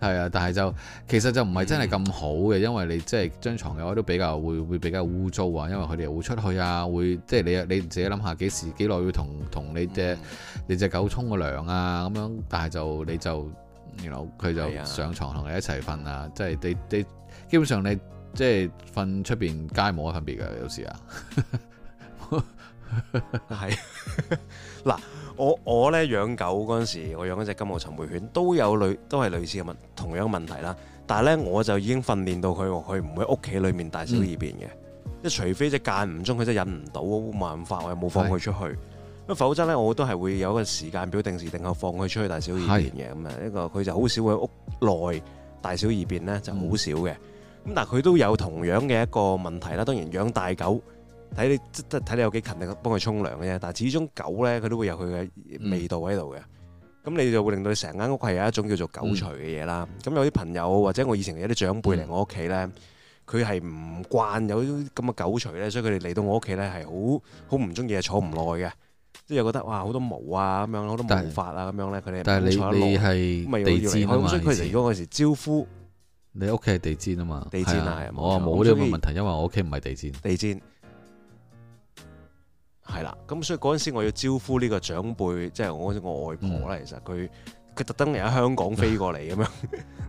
係 [laughs] 啊，但係就其實就唔係真係咁好嘅，因為你即係張床嘅話都比較會會比較污糟啊，因為佢哋又會出去啊，會即係你你自己諗下幾時幾耐要同同你隻、嗯、你隻狗沖個涼啊咁樣。但係就你就。然後佢就上床同你一齊瞓啊！是啊，即係你你基本上你即係瞓出邊街冇乜分別㗎有時啊， [laughs] [laughs] [laughs] 係嗱，我我咧養狗嗰陣時，我養嗰隻金毛尋回犬都有類都係類似咁樣同樣問題啦。但係咧，我就已經訓練到佢，佢唔會屋企裡面大小二便嘅，即係、嗯、除非即間唔中佢真係忍唔到，冇辦法我又冇放佢出去。咁否則咧，我都係會有一個時間表，定時定候放佢出去大小二便嘅。咁啊是，一個佢就好少喺屋內大小二便咧，就好少嘅。咁、嗯、但係佢都有同樣嘅一個問題啦。當然養大狗睇你睇你有幾勤力幫佢沖涼嘅啫。但係始終狗咧，佢都會有佢嘅味道喺度嘅。咁、嗯、你就會令到你成間屋係有一種叫做狗除嘅嘢啦。咁、嗯、有啲朋友或者我以前有啲長輩嚟我屋企咧，佢係唔慣有啲咁嘅狗除咧，所以佢哋嚟到我屋企咧係好好唔中意，坐唔耐嘅。即係又覺得哇，好多毛啊，咁樣好多毛髮啊，咁樣咧，佢哋唔好坐喺度。咪地氈啊嘛，咁所以佢哋如果嗰時招呼，你屋企係地氈啊嘛，地氈啊，我啊冇呢個問題，因為我屋企唔係地氈。地氈係啦，咁所以嗰陣時我要招呼呢個長輩，即係我我外婆啦。其實佢佢特登嚟喺香港飛過嚟咁樣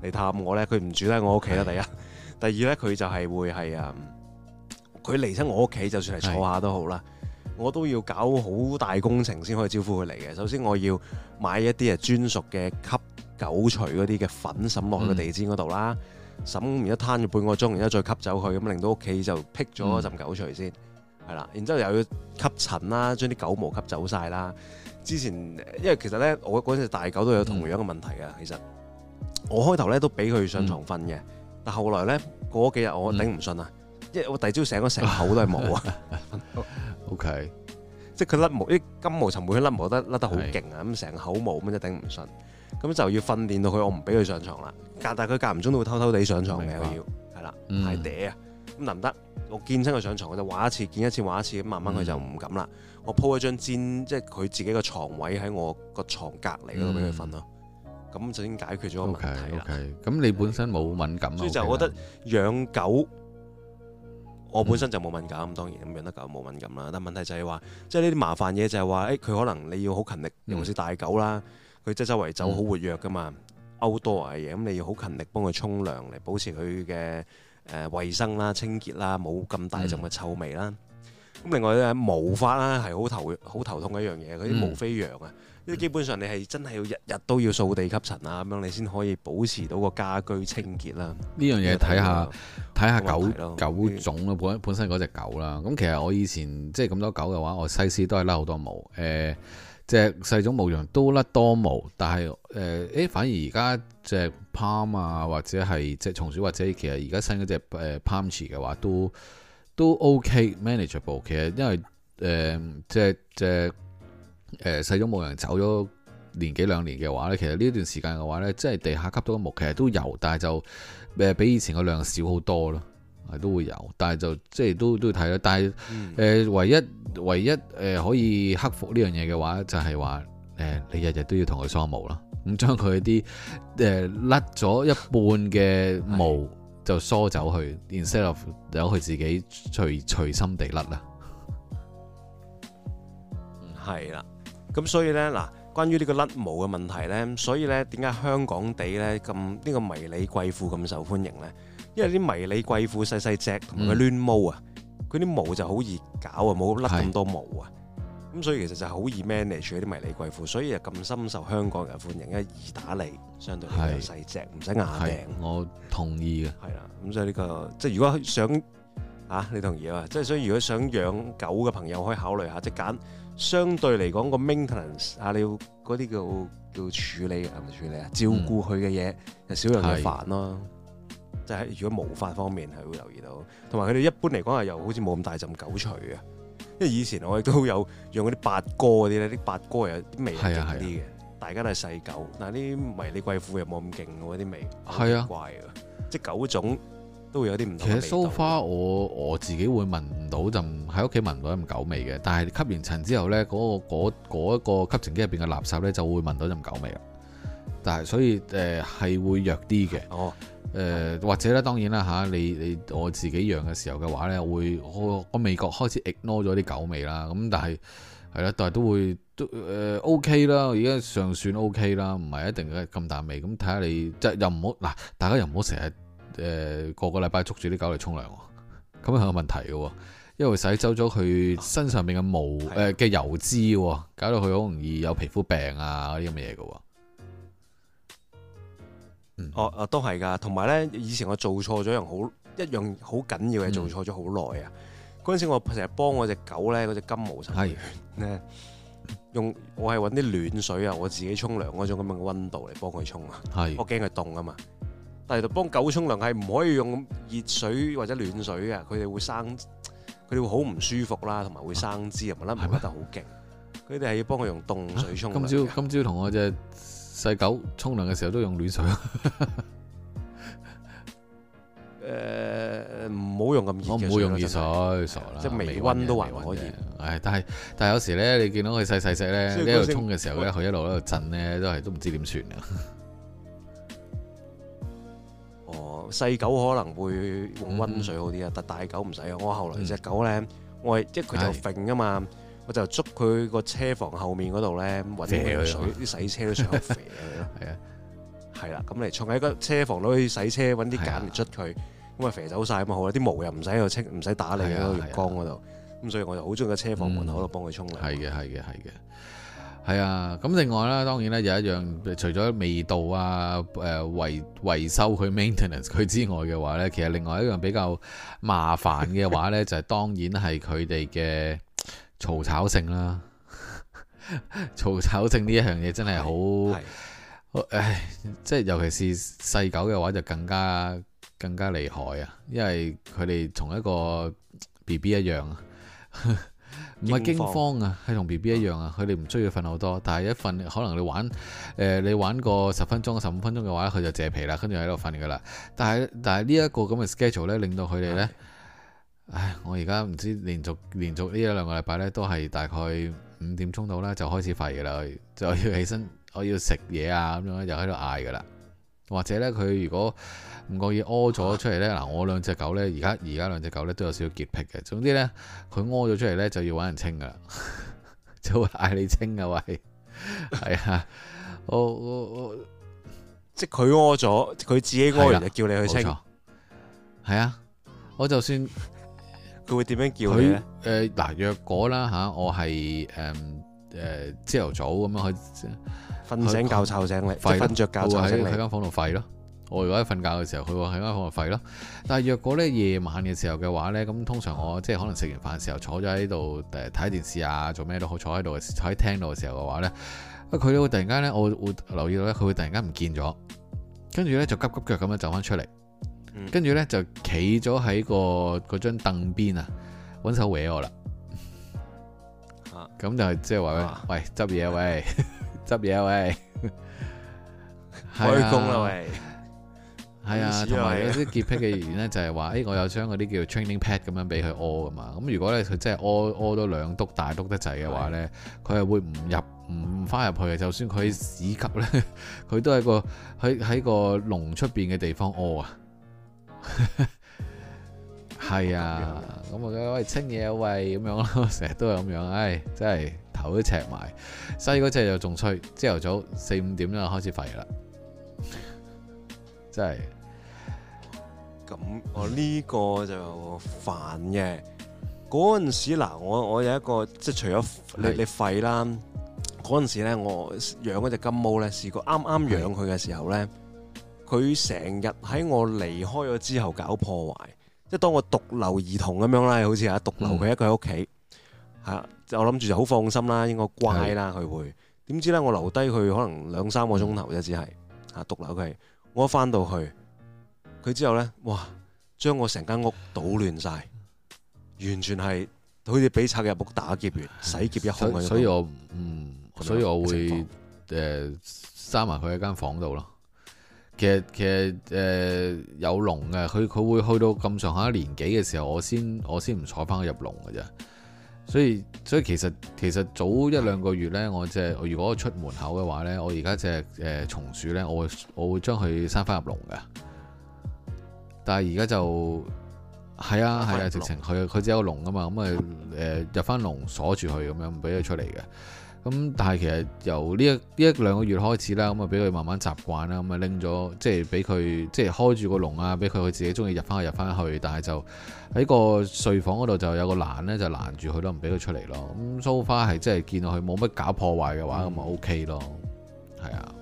嚟探我咧，佢唔住喺我屋企啦。第一，第二咧，佢就係會係啊，佢嚟親我屋企，就算係坐下都好啦。我都要搞好大工程先可以招呼佢嚟嘅。首先我要買一啲誒專屬嘅吸狗除嗰啲嘅粉，沈落去個地氈嗰度啦。沈完一攤咗半個鐘，然之後再吸走佢，咁令到屋企就辟咗陣狗除先。係啦、嗯，然之後又要吸塵啦，將啲狗毛吸走晒啦。之前因為其實呢，我嗰隻大狗都有同樣嘅問題啊。嗯、其實我開頭呢都俾佢上床瞓嘅，嗯、但係後來咧過幾日，我頂唔順啦。因我第朝醒咗成口都係毛啊，OK，即係佢甩毛，啲金毛尋回甩得甩得好勁啊，咁成是口毛咁就頂唔順，咁就要訓練到佢，我唔俾佢上床啦。但係佢隔唔中都會偷偷地上床嘅，白要係啦，嗯、太嗲啊，咁難唔得。我見親佢上床，我就玩一次，見一次玩一次，咁慢慢佢就唔敢啦。嗯、我鋪一張氈，即係佢自己個床位喺我個床隔籬嗰度俾佢瞓咯。咁、嗯、就已經解決咗問題啦。咁、okay, okay. 你本身冇敏感所以就我覺得養狗。我本身就冇敏感，咁、嗯、當然咁樣得狗冇敏感啦。但問題就係話，即係呢啲麻煩嘢就係話，誒、欸、佢可能你要好勤力，尤其是大狗啦，佢即係周圍走好、嗯、活躍噶嘛，溝多啊嘢，咁、嗯、你要好勤力幫佢沖涼嚟保持佢嘅誒衞生啦、清潔啦，冇咁大陣嘅臭味啦。咁、嗯、另外咧毛髮啦係好頭好頭痛嘅一樣嘢，佢啲毛飛揚啊。嗯嗯因為基本上你係真係要日日都要掃地吸塵啊，咁樣你先可以保持到個家居清潔啦、啊。呢樣嘢睇下睇下狗、嗯、狗種啊，本本身嗰隻狗啦。咁、嗯、其實我以前即係咁多狗嘅話，我西施都係甩好多毛。誒隻細種牧羊都甩多毛，但係誒誒反而而家隻 Palm 啊，或者係隻松鼠，或者其實而家新嗰隻誒 Pom 嘅話都都 OK manageable。其實因為誒隻隻。呃誒、呃、細種毛人走咗年幾兩年嘅話咧，其實呢段時間嘅話咧，即係地下吸到嘅毛其實都有，但係就誒、呃、比以前嘅量少好多咯，係都會有，但係就即係都都要睇啦，但係誒、嗯呃、唯一唯一誒、呃、可以克服呢樣嘢嘅話，就係話誒你日日都要同佢梳毛啦，咁將佢啲誒甩咗一半嘅毛是的 就梳走去，instead of 由佢自己隨隨心地甩啦，係啦。咁所以咧嗱，關於呢個甩毛嘅問題咧，所以咧點解香港地咧咁呢個迷你貴婦咁受歡迎咧？因為啲迷你貴婦細細隻同佢攣毛啊，佢啲、嗯、毛就好易搞啊，冇甩咁多毛啊，咁是所以其實就好易 manage 啲迷你貴婦，所以就咁深受香港人歡迎，一易打理，相對比較細隻，唔使牙病。我同意嘅。係啦，咁所以呢、呢個即係如果想嚇、啊，你同意啊？即係所以如果想養狗嘅朋友可以考慮下，即係揀。相對嚟講，個 maintenance 啊，你要嗰啲叫叫處理啊，唔處理啊，照顧佢嘅嘢就少人嘅煩咯，啊。就喺的如果毛髮方面係會留意到，同埋佢哋一般嚟講係又好似冇咁大陣狗臭啊。因為以前我亦都有用嗰啲八哥嗰啲咧，啲八哥有啲味勁啲嘅。大家都係細狗，嗱，呢啲迷你貴婦又冇咁勁喎啲味，係啊怪嘅的。即狗種。都會有啲唔同，其實 so far，我我自己會聞唔到，就喺屋企聞唔到咁狗味嘅，但係吸完塵之後咧，嗰個嗰嗰一個吸塵機入邊嘅垃圾咧就會聞到一陣狗味啦。但係所以誒係會弱啲嘅，誒、oh. 呃、或者咧，當然啦嚇，你你我自己養嘅時候嘅話咧，我會我我味覺開始 ignore 咗啲狗味啦。咁但係係啦，但係都會都誒、呃、OK 啦，而家尚算 OK 啦，唔係一定咁大味。咁睇下你即係又唔好嗱，大家又唔好成日。誒，個個禮拜捉住啲狗嚟沖涼，咁係有問題嘅，因為洗走咗佢身上面嘅毛誒嘅、啊呃、油脂，搞到佢好容易有皮膚病啊嗰啲咁嘅嘢嘅。嗯、哦，都係噶，同埋咧，以前我做錯咗樣好，一樣好緊要嘅、嗯、做錯咗好耐啊。嗰陣時我成日幫我隻狗咧，嗰隻金毛洗、係、用我係搵啲暖水啊，我自己沖涼嗰種咁樣嘅溫度嚟幫佢沖啊，我驚佢凍啊嘛。但係就幫狗沖涼係唔可以用熱水或者暖水嘅，佢哋會生，佢哋會好唔舒服啦，同埋會生枝。唔甩唔得好勁。佢哋係要幫佢用凍水沖涼，啊。今朝今朝同我隻細狗沖涼嘅時候都用暖水。誒唔好用咁熱，唔好用熱水，傻啦了！即係微温都還可以。哎、但係但係有時咧，你見到佢細細隻咧喺度沖嘅時候咧，佢一路喺度震咧，都係都唔知點算啊！ [laughs] 細狗可能會用温水好啲啊，但大狗唔使啊。我後來隻狗咧，我係即係佢就揈啊嘛，我就捉佢個車房後面嗰度咧，揾啲水啲洗車都上肥佢。係啊，係啦，咁你沖喺個車房度去洗車，揾啲鹼嚟捽佢，咁啊肥走晒咁啊好啦，啲毛又唔使又清，唔使打理喺個浴缸嗰度，咁所以我就好中意個車房門口度幫佢沖涼。係嘅，係嘅，係嘅。係啊，咁另外啦，當然呢有一樣，除咗味道啊，誒、呃、維維修佢 maintenance 佢之外嘅話呢，其實另外一樣比較麻煩嘅話呢， [laughs] 就係當然係佢哋嘅嘈吵性啦。嘈 [laughs] 吵，吵性呢一樣嘢真係好，唉，即係尤其是細狗嘅話就更加更加厲害啊，因為佢哋同一個 B B 一樣啊。 [laughs] 唔係驚慌啊，係同 B B 一樣啊。佢哋唔需要瞓好多，但係一瞓可能你玩誒、呃，你玩個十分鐘、十五分鐘嘅話，佢就借皮啦，跟住喺度瞓嘅啦。但係但係呢一個咁嘅 schedule 咧，令到佢哋咧，唉，我而家唔知連續連續兩呢一兩個禮拜咧，都係大概五點鐘到咧，就開始吠啦，就要起身，我要食嘢啊咁樣，就喺度嗌嘅啦。或者咧，佢如果唔覺意屙咗出嚟咧，嗱，我兩隻狗咧，而家而家兩隻狗咧都有少少潔癖嘅，總之咧，佢屙咗出嚟咧就要搵人清噶啦， [laughs] 就會嗌你清噶，喂，係啊，我我我即係佢屙咗，佢自己屙，人就、啊、叫你去清，係啊，我就算佢會點樣叫佢？誒，嗱、呃，若果啦吓、啊，我係誒誒朝頭早咁樣去瞓醒覺臭醒瞓着覺臭醒嚟，喺間在在房度吠咯。我如果喺瞓覺嘅時候，佢會喺間房度吠咯。但係若果咧夜晚嘅時候嘅話咧，咁通常我即係可能食完飯嘅時候坐咗喺度誒睇電視啊，做咩都好，坐喺度坐喺廳度嘅時候嘅話咧，佢會突然間咧，我會留意到咧，佢會突然間唔見咗，跟住咧就急急腳咁樣走翻出嚟，跟住咧就企咗喺個嗰張凳邊 [laughs] 啊，揾手搲我啦。嚇！咁就係即係話喂，執嘢，喂執嘢，喂開工啦喂！係啊，同埋有啲潔癖嘅嘢咧， [laughs] 就係話，誒、哎，我有將嗰啲叫 training pad 咁樣俾佢屙㗎嘛。咁如果咧佢真係屙屙多兩督、大篤得滯嘅話咧，佢係的會唔入唔翻入去嘅。就算佢屎急咧，佢 [laughs] 都喺個喺喺個籠出邊嘅地方屙啊。係 [laughs] 啊，咁我 [laughs] 喂，清嘢喂咁樣咯，成日都係咁樣。唉、 [laughs] 哎，真係頭都赤埋，細嗰隻又仲衰，朝頭早四五點就開始吠啦，真係。咁我呢個就煩嘅。嗰陣時嗱、啊，我我有一個即係除咗是你你吠啦，嗰陣時咧我養嗰隻金毛咧，試過啱啱養佢嘅時候咧，佢成是日喺我離開咗之後搞破壞，即係當我獨留兒童咁樣啦，好似啊獨留佢一個喺屋企，嚇就、嗯、我諗住就好放心啦，應該乖啦佢是會，點知咧我留低佢可能兩三個鐘頭啫，只係嚇獨留佢，我一返到去。佢之後咧，哇！將我成間屋倒亂晒，完全係好似俾賊入屋打劫完，洗劫一空。所以我嗯，我明所以我會誒閂埋佢喺間房度咯。其實其實誒有籠嘅，佢佢會去到咁上下年紀嘅時候，我先我先唔坐翻佢入籠嘅啫。所以所以其實其實早一兩個月咧，我即係如果出門口嘅話咧，我而家隻誒松鼠咧，我會我會將佢閂翻入籠嘅。但係而家就係啊，係啊。啊直情佢佢只有個籠啊嘛，咁咪誒入翻籠鎖住佢咁樣，唔俾佢出嚟嘅。咁但係其實由呢一呢一兩個月開始啦，咁啊俾佢慢慢習慣啦，咁啊拎咗即係俾佢即係開住個籠啊，俾佢佢自己中意入翻去入翻去。但係就喺個睡房嗰度就有個欄咧，就攔住佢都唔俾佢出嚟咯。咁蘇花係即係見到佢冇乜搞破壞嘅話，咁咪 OK 咯，係啊。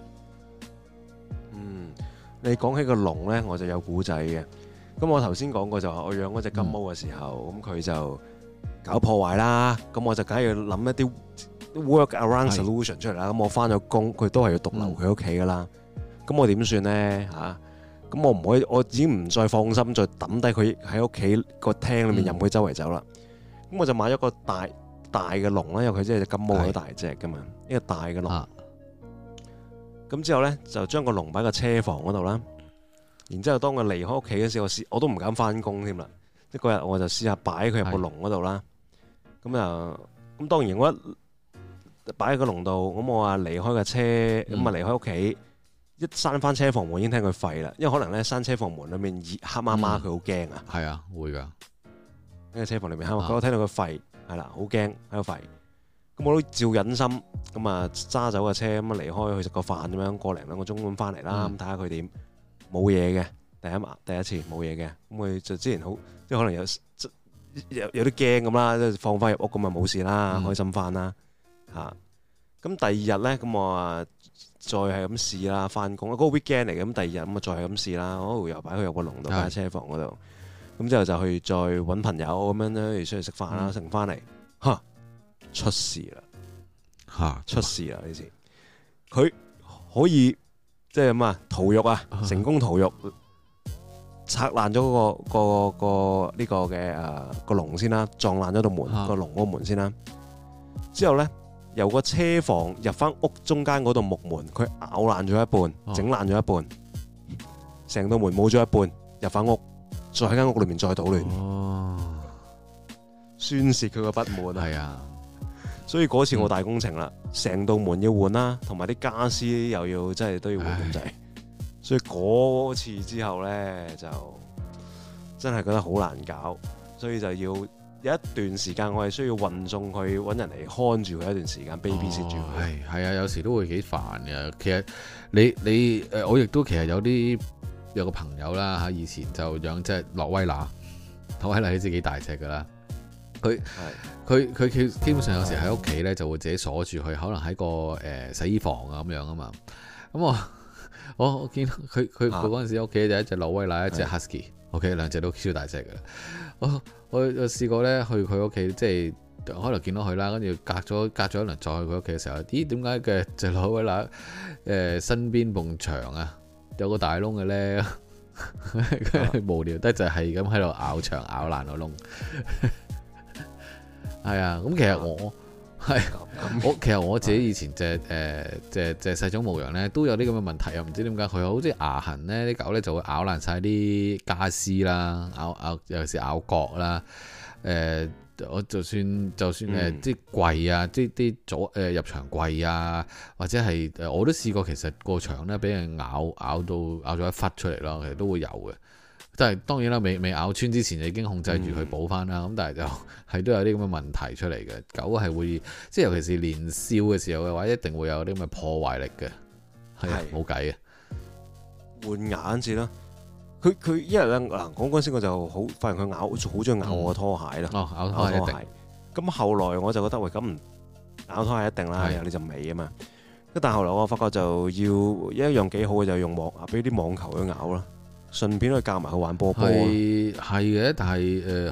你講起個籠咧，我就有古仔嘅。咁我頭先講過就係我養嗰隻金毛嘅時候，咁佢、嗯、就搞破壞啦。咁我就梗係要諗一啲 workaround solution 出嚟啦。咁是我翻咗工，佢都係要獨留佢屋企噶啦。咁我點算咧嚇？咁、啊、我唔可以，我已經唔再放心，再抌低佢喺屋企個廳裏面任佢周圍走啦。咁、嗯、我就買咗個大大嘅籠啦，因為佢即係隻金毛好是大隻噶嘛，一個大嘅籠。啊咁之後咧，就將個籠擺個車房嗰度啦。然之後，當佢離開屋企嘅時候，我試我都唔敢翻工添啦。即嗰日我就試下擺佢入個籠嗰度啦。咁啊係，咁當然我一擺喺個籠度，咁我話離開個車，咁啊離開屋企，嗯、一閂翻車房門已經聽佢吠啦。因為可能咧，閂車房門裏面熱黑媽媽，佢好驚啊。係啊，會㗎。喺個車房裏面黑媽媽我聽到佢吠，係啦、啊，好驚喺度吠。咁我都照忍心，咁啊揸走架車，咁啊離開去食個飯咁、嗯、樣，過零兩個鐘咁翻嚟啦，咁睇下佢點，冇嘢嘅，第一第一次冇嘢嘅，咁佢就之前好，即係可能有有啲驚咁啦，即係放翻入屋咁啊冇事啦，嗯、開心翻啦嚇。咁第二日咧，咁我啊再係咁試啦，翻工啊嗰個 weekend 嚟嘅，咁第二日咁啊再係咁試啦，我又擺佢入個籠度，架是車房嗰度，咁之後就去再揾朋友咁樣咧，去出去食飯啦，食翻嚟嚇。出事啦！吓，出事啦！呢次佢可以即係咁啊，逃獄啊，成功逃獄，啊、拆爛咗嗰個、個、個呢、個嘅誒個籠先啦，撞爛咗道門個籠嗰個門先啦。之後咧，由個車房入翻屋中間嗰道木門，佢咬爛咗一半，整爛咗一半，成道、啊、門冇咗一半，入翻屋，再喺間屋裏面再搗亂，哦，宣洩佢嘅不滿係啊。 [laughs] 所以嗰次我大工程啦，成度門要換啦，同埋啲家私又要真係都要換咁滯。唉 所以嗰次之後咧，就真係覺得好難搞，所以就要有一段時間我係需要運送去搵人嚟看住佢一段時間，BB 先住。係係啊，有時都會幾煩嘅。其實你你誒，我亦都其實有啲有個朋友啦吓，以前就養即係諾威娜，諾威娜都知幾大隻噶啦。佢佢佢佢基本上有時喺屋企咧就會自己鎖住佢，可能喺個誒、呃、洗衣房啊咁樣啊嘛。咁我我我見佢佢佢嗰陣時屋企就一隻羅威拿，一隻 husky，OK，的、okay, 兩隻都超大隻㗎喇。我我我試過咧去佢屋企，即係可能見到佢啦，跟住隔咗隔咗一輪再去佢屋企嘅時候，咦？點解嘅隻羅威拿誒、呃、身邊埲牆啊有個大窿嘅咧？ [laughs] 無聊得、啊、就係咁喺度咬牆咬爛個窿。 [laughs] 係啊，咁其實我係我 [laughs] 其實我自己以前隻誒隻隻細種牧羊咧，都有啲咁嘅問題啊！又唔知點解佢好似牙痕咧，啲狗咧就會咬爛晒啲家俬啦，咬咬尤其是咬角啦。誒、呃，我就算就算即係櫃啊，啲啲左誒入場櫃啊，或者係誒我都試過，其實過場咧俾人咬咬到咬咗一忽出嚟咯，其實都會有嘅。即係當然啦，未未咬穿之前就已經控制住佢補翻啦。咁、嗯、但係就係都有啲咁嘅問題出嚟嘅。狗係會即係尤其是年少嘅時候嘅話，一定會有啲咁嘅破壞力嘅。係冇計嘅。換牙先啦。佢佢一日兩嗱講嗰陣時我就好發現佢咬好中意咬我拖鞋啦。哦，咬拖，一定咬拖鞋。咁後來我就覺得喂，咁唔咬拖鞋一定啦，因為你就尾啊嘛。但係後來我發覺就要一樣幾好嘅就用網啊，俾啲網球去咬啦。順便去夾埋佢玩波波啊！係嘅，但係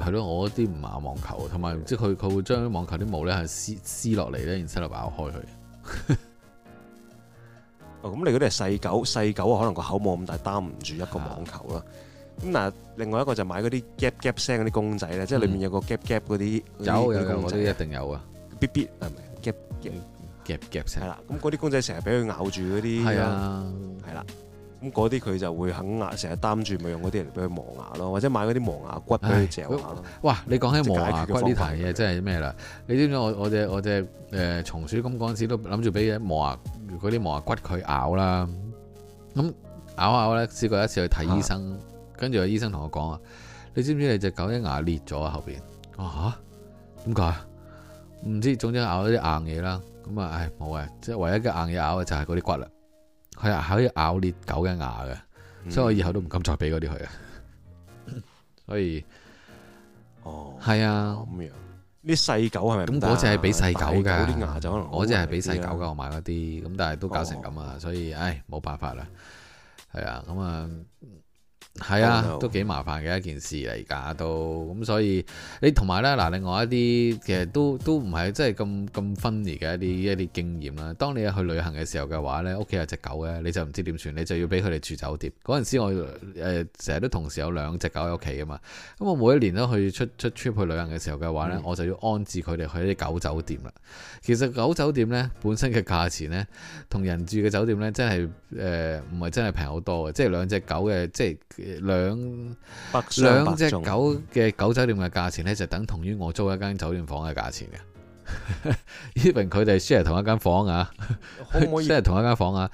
誒係咯，我啲唔咬網球同埋即係佢佢會將啲網球啲毛咧係撕撕落嚟咧，然之後嚟咬開佢。哦，咁你嗰啲係細狗，細狗啊，可能個口冇咁大，擔唔住一個網球啦。咁嗱，另外一個就買嗰啲 gap gap 聲嗰啲公仔咧，即係裡面有個 gap gap 嗰啲。有有，我都一定有啊！B B 啊，gap gap gap gap 聲係啦，咁啲公仔成日俾佢咬住嗰啲係啊，係啦。嗰啲佢就會啃牙，成日擔住咪用嗰啲嚟俾佢磨牙咯，或者買嗰啲磨牙骨俾佢嚼下哇！你講起磨牙骨呢排嘢，真係咩啦？你知唔知我我隻我隻誒、呃、松鼠咁嗰陣時都諗住俾磨牙，嗰啲磨牙骨佢咬啦。咁、嗯、咬咬咧，試過一次去睇醫生，跟住個醫生同我講話：你知唔知你隻狗啲牙裂咗後邊？啊？點解？唔知，總之咬咗啲硬嘢啦。咁啊，唉，冇嘅，即係唯一嘅硬嘢咬嘅就係嗰啲骨啦。佢啊可以咬裂狗嘅牙嘅，嗯、所以我以後都唔敢再俾嗰啲佢啊。 [laughs] 所以，哦，係啊，咁樣，啲細狗係咪？咁嗰隻係俾細狗嘅，啲牙就可能。嗰隻係俾細狗嘅，我買嗰啲，咁但係都搞成咁啊！哦、所以，唉、哎，冇辦法啦。係啊，咁、嗯、啊。嗯係啊，oh no. 都幾麻煩嘅一件事嚟、啊、㗎，都咁所以你同埋呢，嗱，另外一啲其實都都唔係真係咁咁 funny 嘅一啲一啲經驗啦。當你去旅行嘅時候嘅話呢，屋企有隻狗嘅，你就唔知點算，你就要俾佢哋住酒店。嗰陣時我誒成日都同時有兩隻狗喺屋企啊嘛，咁我每一年都去出出出去旅行嘅時候嘅話呢、mm. 我就要安置佢哋去一啲狗酒店啦。其實狗酒店呢，本身嘅價錢呢，同人住嘅酒店呢，真係誒唔係真係平好多嘅，即係兩隻狗嘅即係。兩兩隻狗嘅狗酒店嘅價錢咧就等同於我租一間酒店房嘅價錢嘅，Even 佢哋 share 同一間房啊，可唔可以，share 可同一間房啊，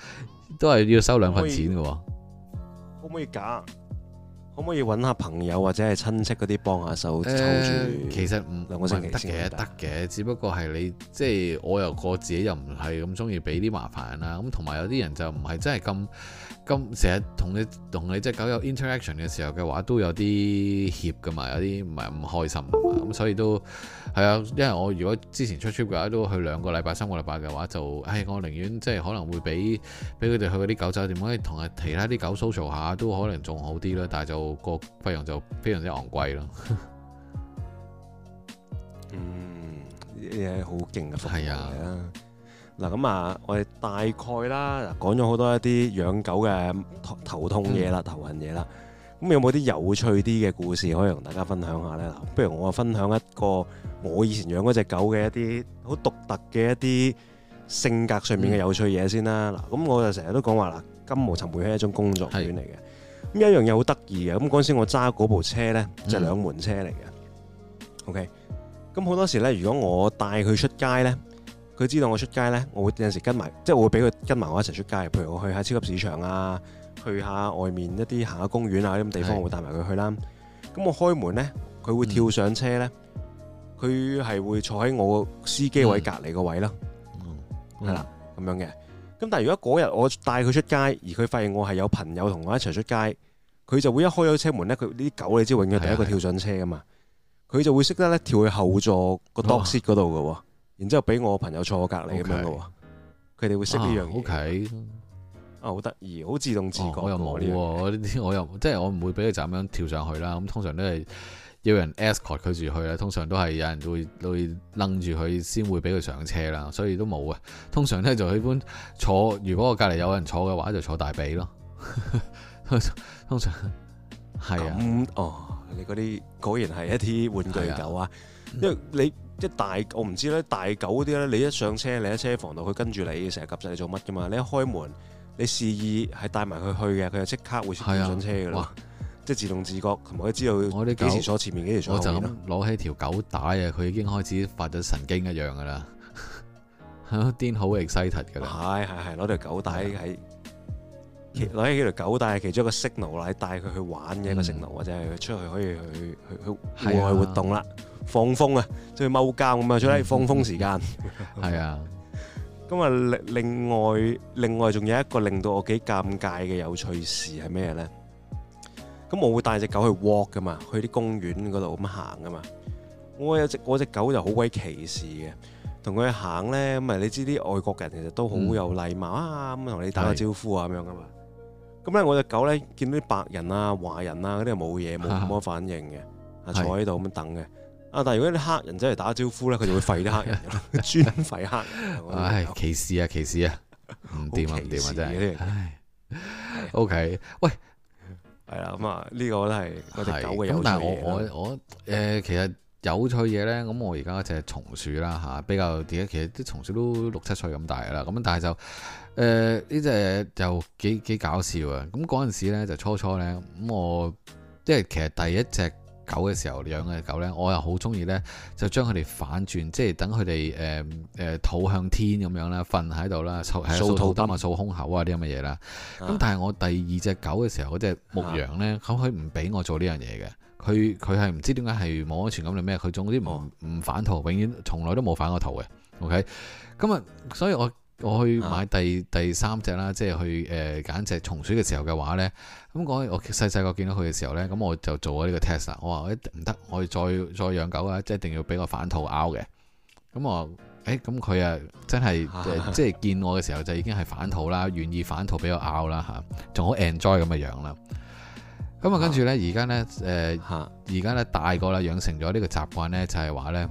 都係要收兩份錢嘅。可唔可以假？可唔可以搵下朋友或者係親戚嗰啲幫下手湊住？抽其實唔兩個星期得嘅，得嘅，只不過係你即係、就是、我又個自己又唔係咁中意俾啲麻煩啦。咁同埋有啲人就唔係真係咁。咁成日同你同你隻狗有 interaction 嘅時候嘅話，都有啲怯噶嘛，有啲唔係咁開心啊嘛，咁所以都係啊，因為我如果之前出 trip 嘅話都去兩個禮拜三個禮拜嘅話，就唉，我寧願即係可能會俾俾佢哋去嗰啲狗酒店，可以同其他啲狗 social 下，都可能仲好啲啦，但係就個費用就非常之昂貴咯。 [laughs] 嗯，嘢好勁啊！係啊。嗱咁啊，我哋大概啦，講咗好多一啲養狗嘅頭痛嘢啦、頭痕嘢啦。咁有冇啲有趣啲嘅故事可以同大家分享下咧？嗱，不如我啊分享一個我以前養嗰隻狗嘅一啲好獨特嘅一啲性格上面嘅有趣嘢先啦。嗱，咁我就成日都講話啦，金毛尋回犬係一種工作犬嚟嘅。咁有一樣嘢好得意嘅，咁嗰陣時我揸嗰部車咧，就係兩門車嚟嘅。OK，咁好多時咧，如果我帶佢出街咧。佢知道我出街呢，我會有陣時跟埋，即係我會俾佢跟埋我一齊出街。譬如我去下超級市場啊，去下外面一啲行下公園啊啲咁地方，是我會帶埋佢去啦。咁我開門呢，佢會跳上車呢，佢係、嗯、會坐喺我司機位隔離個位咯，係啦咁樣嘅。咁但係如果嗰日我帶佢出街，而佢發現我係有朋友同我一齊出街，佢就會一開咗車門呢，佢呢啲狗你知，永遠第一個跳上車噶嘛。佢的、嗯、就會識得咧跳去後座個 dog seat 嗰度噶喎。啊啊然之後俾我朋友坐我隔離咁樣嘅喎，佢哋 Okay. 會識呢樣嘢。Ah, o okay . K，啊好得意，好自動自覺。又冇呢啲，我又、啊、即係我唔會俾佢就咁樣跳上去啦。咁通常都係要人 escort 佢住去啦。通常都係有人會會擰住佢先會俾佢上車啦。所以都冇啊。通常咧就喜歡坐。如果我隔離有人坐嘅話，就坐大髀咯。 [laughs] 通常係啊，哦，你嗰啲果然係一啲玩具狗啊，因為你。嗯即係大，我唔知咧，大狗啲咧，你一上車，你喺車房度，佢跟住你，成日 𥄫 晒你做乜噶嘛？你一開門，你示意係帶埋佢去嘅，佢就即刻會上車噶啦。嗯、即係自動自覺，同埋佢知道我啲狗幾時坐前面，幾時坐後面。攞起條狗帶啊！佢已經開始發咗神經一樣噶啦，癲好 excited 噶啦。係係係，攞條狗帶係，攞、嗯、起條狗帶係其中一個 signal，帶佢去玩嘅一個 signal，、嗯、或者係出去可以去去戶外活動啦。啊放風啊，就去踎監咁啊！出嚟放風時間係啊。咁啊，另另外另外仲有一個令到我幾尷尬嘅有趣事係咩咧？咁我會帶隻狗去 walk 噶嘛，去啲公園嗰度咁行噶嘛。我有隻我隻狗就好鬼歧視嘅，同佢行咧咁啊。你知啲外國人其實都好有禮貌啊，咁同你打個招呼啊咁樣噶嘛。咁咧，我隻狗咧見到啲白人啊、華人啊嗰啲冇嘢冇乜反應嘅，啊坐喺度咁等嘅。啊！但係如果啲黑人仔嚟打招呼咧，佢就會吠啲黑人，專吠黑人。 [laughs] 唉，歧視啊，歧視啊，唔掂啊，唔掂啊， [laughs] 啊，真係。O、okay, K，喂，係啦，咁啊，呢個都係我隻狗嘅有趣嘢。咁但係我我我誒、呃，其實有趣嘢咧，咁我而家隻松鼠啦吓，比較點解？其實啲松鼠都六七歲咁大㗎啦，咁但係就誒呢隻就幾幾搞笑啊！咁嗰陣時咧就初初咧，咁我即係其實第一隻。狗嘅時候養嘅狗呢，我又好中意呢，就將佢哋反轉，即係等佢哋誒誒肚向天咁樣啦，瞓喺度啦，掃喺度掃肚啊，掃胸口啊啲咁嘅嘢啦。咁但係我第二隻狗嘅時候，嗰隻牧羊呢，咁佢唔俾我做呢樣嘢嘅，佢佢係唔知點解係冇安全感定咩？佢總之唔唔反肚，永遠從來都冇反過肚嘅。OK，咁咪所以我。我去買第第三隻啦，即係去誒揀隻松鼠嘅時候嘅話呢。咁我我細細個見到佢嘅時候呢，咁我就做咗呢個 test 啦。我話：我唔得，我再再養狗啊，即係一定要俾個反肚拗嘅。咁我誒咁佢啊，欸、真係、呃、即係見我嘅時候就已經係反肚啦，願意反肚俾我拗啦嚇，仲好 enjoy 咁嘅樣啦。咁啊跟住呢，而家呢，誒、呃，而家呢，大個啦，養成咗呢個習慣呢，就係、是、話呢，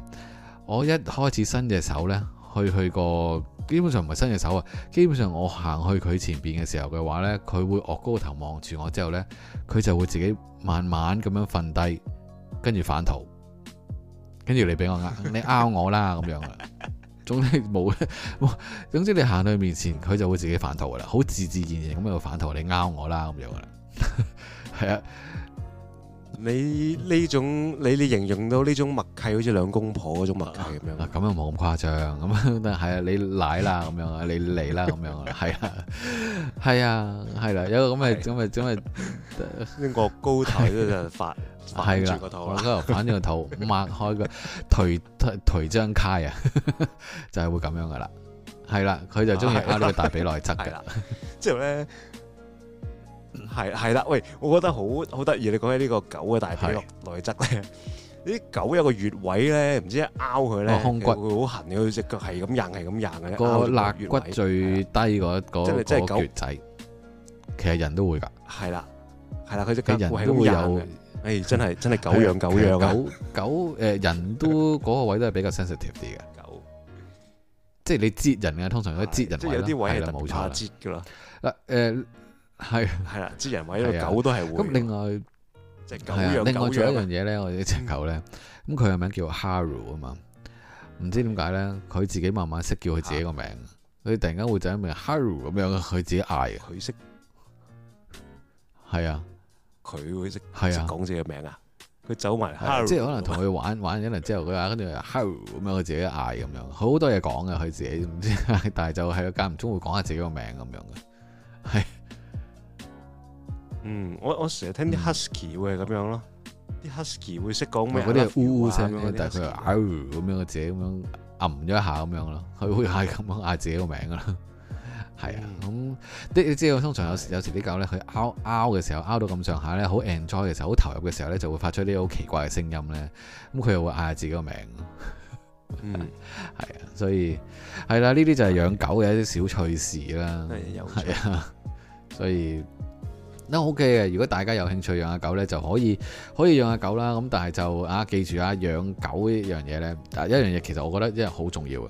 我一開始伸隻手呢。去去個基本上唔係伸隻手啊，基本上我行去佢前邊嘅時候嘅話呢，佢會昂高個頭望住我之後呢，佢就會自己慢慢咁樣瞓低，跟住反逃，跟住你俾我呃， [laughs] 你咬我啦咁樣啊，總之冇，總之你行到佢面前，佢就會自己反逃噶啦，好自自然然咁樣反逃，你咬我啦咁樣啦，係啊。你呢種你你形容到呢種默契，好似兩公婆嗰種默契咁樣。嗱咁又冇咁誇張，咁啊係啊，你奶啦咁樣啊，你嚟啦咁樣啊，係啦，係啊，係啦，有個咁嘅咁咪，咁嘅拎個高頭就發，翻轉個頭，翻轉個頭，擘開個頹頹頹張卡啊，就係會咁樣噶啦，係啦，佢就中意拉到大髀內側嘅，之後咧。係係啦，喂，我覺得好好得意。你講起呢個狗嘅大髀肉內側咧，啲狗有個穴位咧，唔知一拗佢咧，個胸骨會好痕嘅，隻腳係咁硬，係咁硬嘅。個肋骨最低嗰一嗰個穴仔，其實人都會噶。係啦，係啦，佢隻腳會係咁硬嘅。誒，真係真係狗養狗養，狗狗誒人都嗰個位都係比較 sensitive 啲嘅。狗，即係你折人嘅，通常都係折人，即係有啲位係特價折噶啦。嗱，誒。係，係啦， [laughs] 知人或者狗都係會。咁另外，係啊養，另外仲有一樣嘢咧，嗯、我哋隻狗咧，咁佢個名叫 Haru 啊嘛，唔知點解咧，佢的自己慢慢識叫佢自己個名，佢突然間會就咁叫 Haru 咁樣佢自己嗌。佢識，係啊懂，佢會識，識講懂的自己個名啊，佢的走埋 Haru 即係可能同佢玩玩一輪之後，佢話跟住 Haru 咁樣，佢自己嗌咁樣，好多嘢講㗎，佢自己唔知，但係就喺間唔中會講下自己個名咁樣嘅，係。哎嗯，我我成日聽啲 husky、嗯、會係咁樣咯，啲 husky 會識講咩？嗰啲係嗚嗚聲，但係佢係嗷咁樣嘅自己咁樣，揞咗一下咁樣咯，佢、嗯、會係咁樣嗌自己個名噶啦。係啊、嗯，咁啲，你知道通常有時、嗯、有時啲狗咧，佢拗拗嘅時候，拗到咁上下咧，好 enjoy 嘅時候，好投入嘅時候咧，就會發出啲好奇怪嘅聲音咧。咁佢又會嗌下自己個名。嗯，係啊，所以係啦，呢啲就係養狗嘅一啲小趣事啦。係啊，所以。那 OK 嘅，如果大家有興趣養下狗呢，就可以可以養下狗啦。咁但係就啊，記住啊，養狗呢樣嘢呢，啊一樣嘢其實我覺得一樣好重要嘅。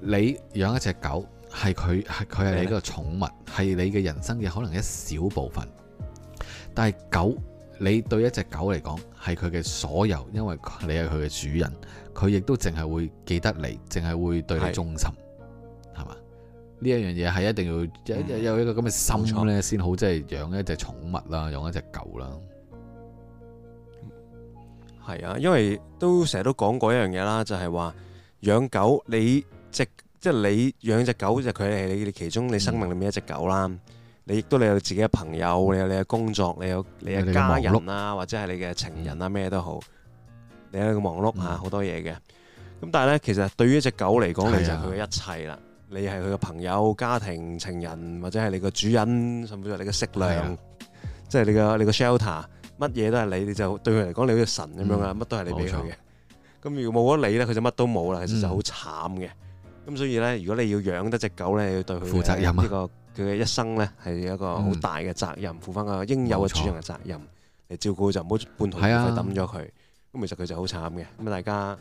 你養一隻狗，係佢係佢係你個寵物，係你嘅人生嘅可能一小部分。但係狗，你對一隻狗嚟講，係佢嘅所有，因為你係佢嘅主人，佢亦都淨係會記得你，淨係會對你忠心。呢一樣嘢係一定要有一個咁嘅心咧，先好即係養一隻寵物啦、嗯，就是，養一隻狗啦。係啊，因為都成日都講過一樣嘢啦，就係話養狗，你即即係你養隻狗，就佢係你哋其中你生命入面一隻狗啦。嗯、你亦都你有自己嘅朋友，你有你嘅工作，你有你嘅家人啊，或者係你嘅情人啊，咩都好，你有個忙碌下好、嗯、多嘢嘅。咁但係咧，其實對於一隻狗嚟講，嗯、你就係佢嘅一切啦。的你係佢個朋友、家庭、情人，或者係你個主人，甚至係你個食糧，的即係你個你個 shelter，乜嘢都係你，你就對佢嚟講你好似神咁樣啦，乜、嗯、都係你俾佢嘅。咁錯如果冇咗你咧，佢就乜都冇啦，嗯、其實就好慘嘅。咁所以咧，如果你要養得隻狗咧，要對佢負責任啊、呢、呢個佢嘅、啊呢個、一生咧，係一個好大嘅責任，負翻個應有嘅主人嘅責任嚟錯照顧，就唔好半途而廢抌咗佢，咁的其實佢就好慘嘅。咁啊大家。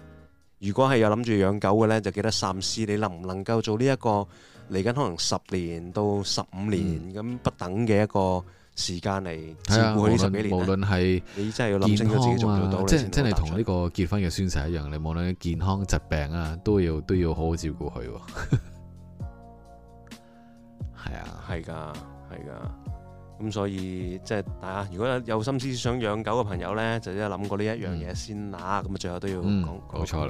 如果係有諗住養狗嘅呢，就記得三思，你能唔能夠做呢、這、一個嚟緊可能十年到十五年咁不等嘅一個時間嚟照顧呢十幾年？嗯、無論係健康啊，你真係要諗清楚自己做到。啊、你即係同呢個結婚嘅宣誓一樣，你無論健康疾病啊，都要都要好好照顧佢。係啊，係 [laughs] 㗎，係㗎。咁所以即係，大家如果有心思想養狗嘅朋友呢，就真係諗過呢一樣嘢先啦。咁啊、嗯，最後都要講講錯。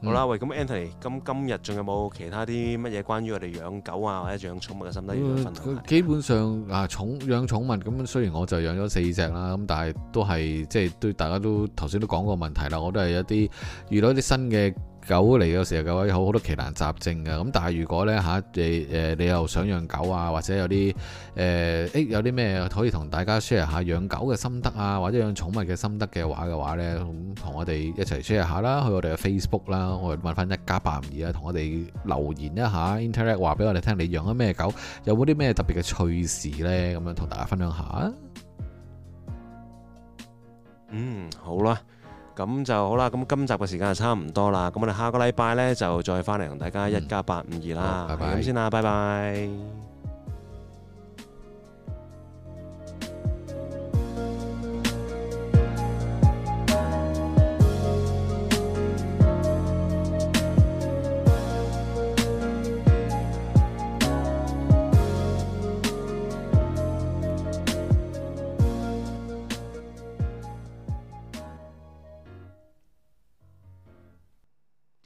好啦，喂，咁 Anthony，今今日仲有冇其他啲乜嘢關於我哋養狗啊或者養寵物嘅心得要分享？基本上啊，寵養寵物咁，雖然我就養咗四隻啦，咁但係都係即係對大家都頭先都講過問題啦。我都係一啲遇到一啲新嘅。狗嚟嘅時候嘅位好好多奇難雜症噶。咁但係如果呢，吓，你誒、呃、你又想養狗啊，或者有啲誒誒有啲咩可以同大家 share 下養狗嘅心得啊，或者養寵物嘅心得嘅話嘅話呢，咁、嗯、同我哋一齊 share 下啦，去我哋嘅 Facebook 啦，我哋問翻一家八五二啊，同我哋留言一下，Internet 話俾我哋聽「你養咗咩狗，有冇啲咩特別嘅趣事呢？」咁樣同大家分享下啊。嗯，好啦。咁就好啦，咁今集嘅時間就差唔多啦。咁我哋下個禮拜呢，就再翻嚟同大家一家八五二啦。咁先啦，拜拜。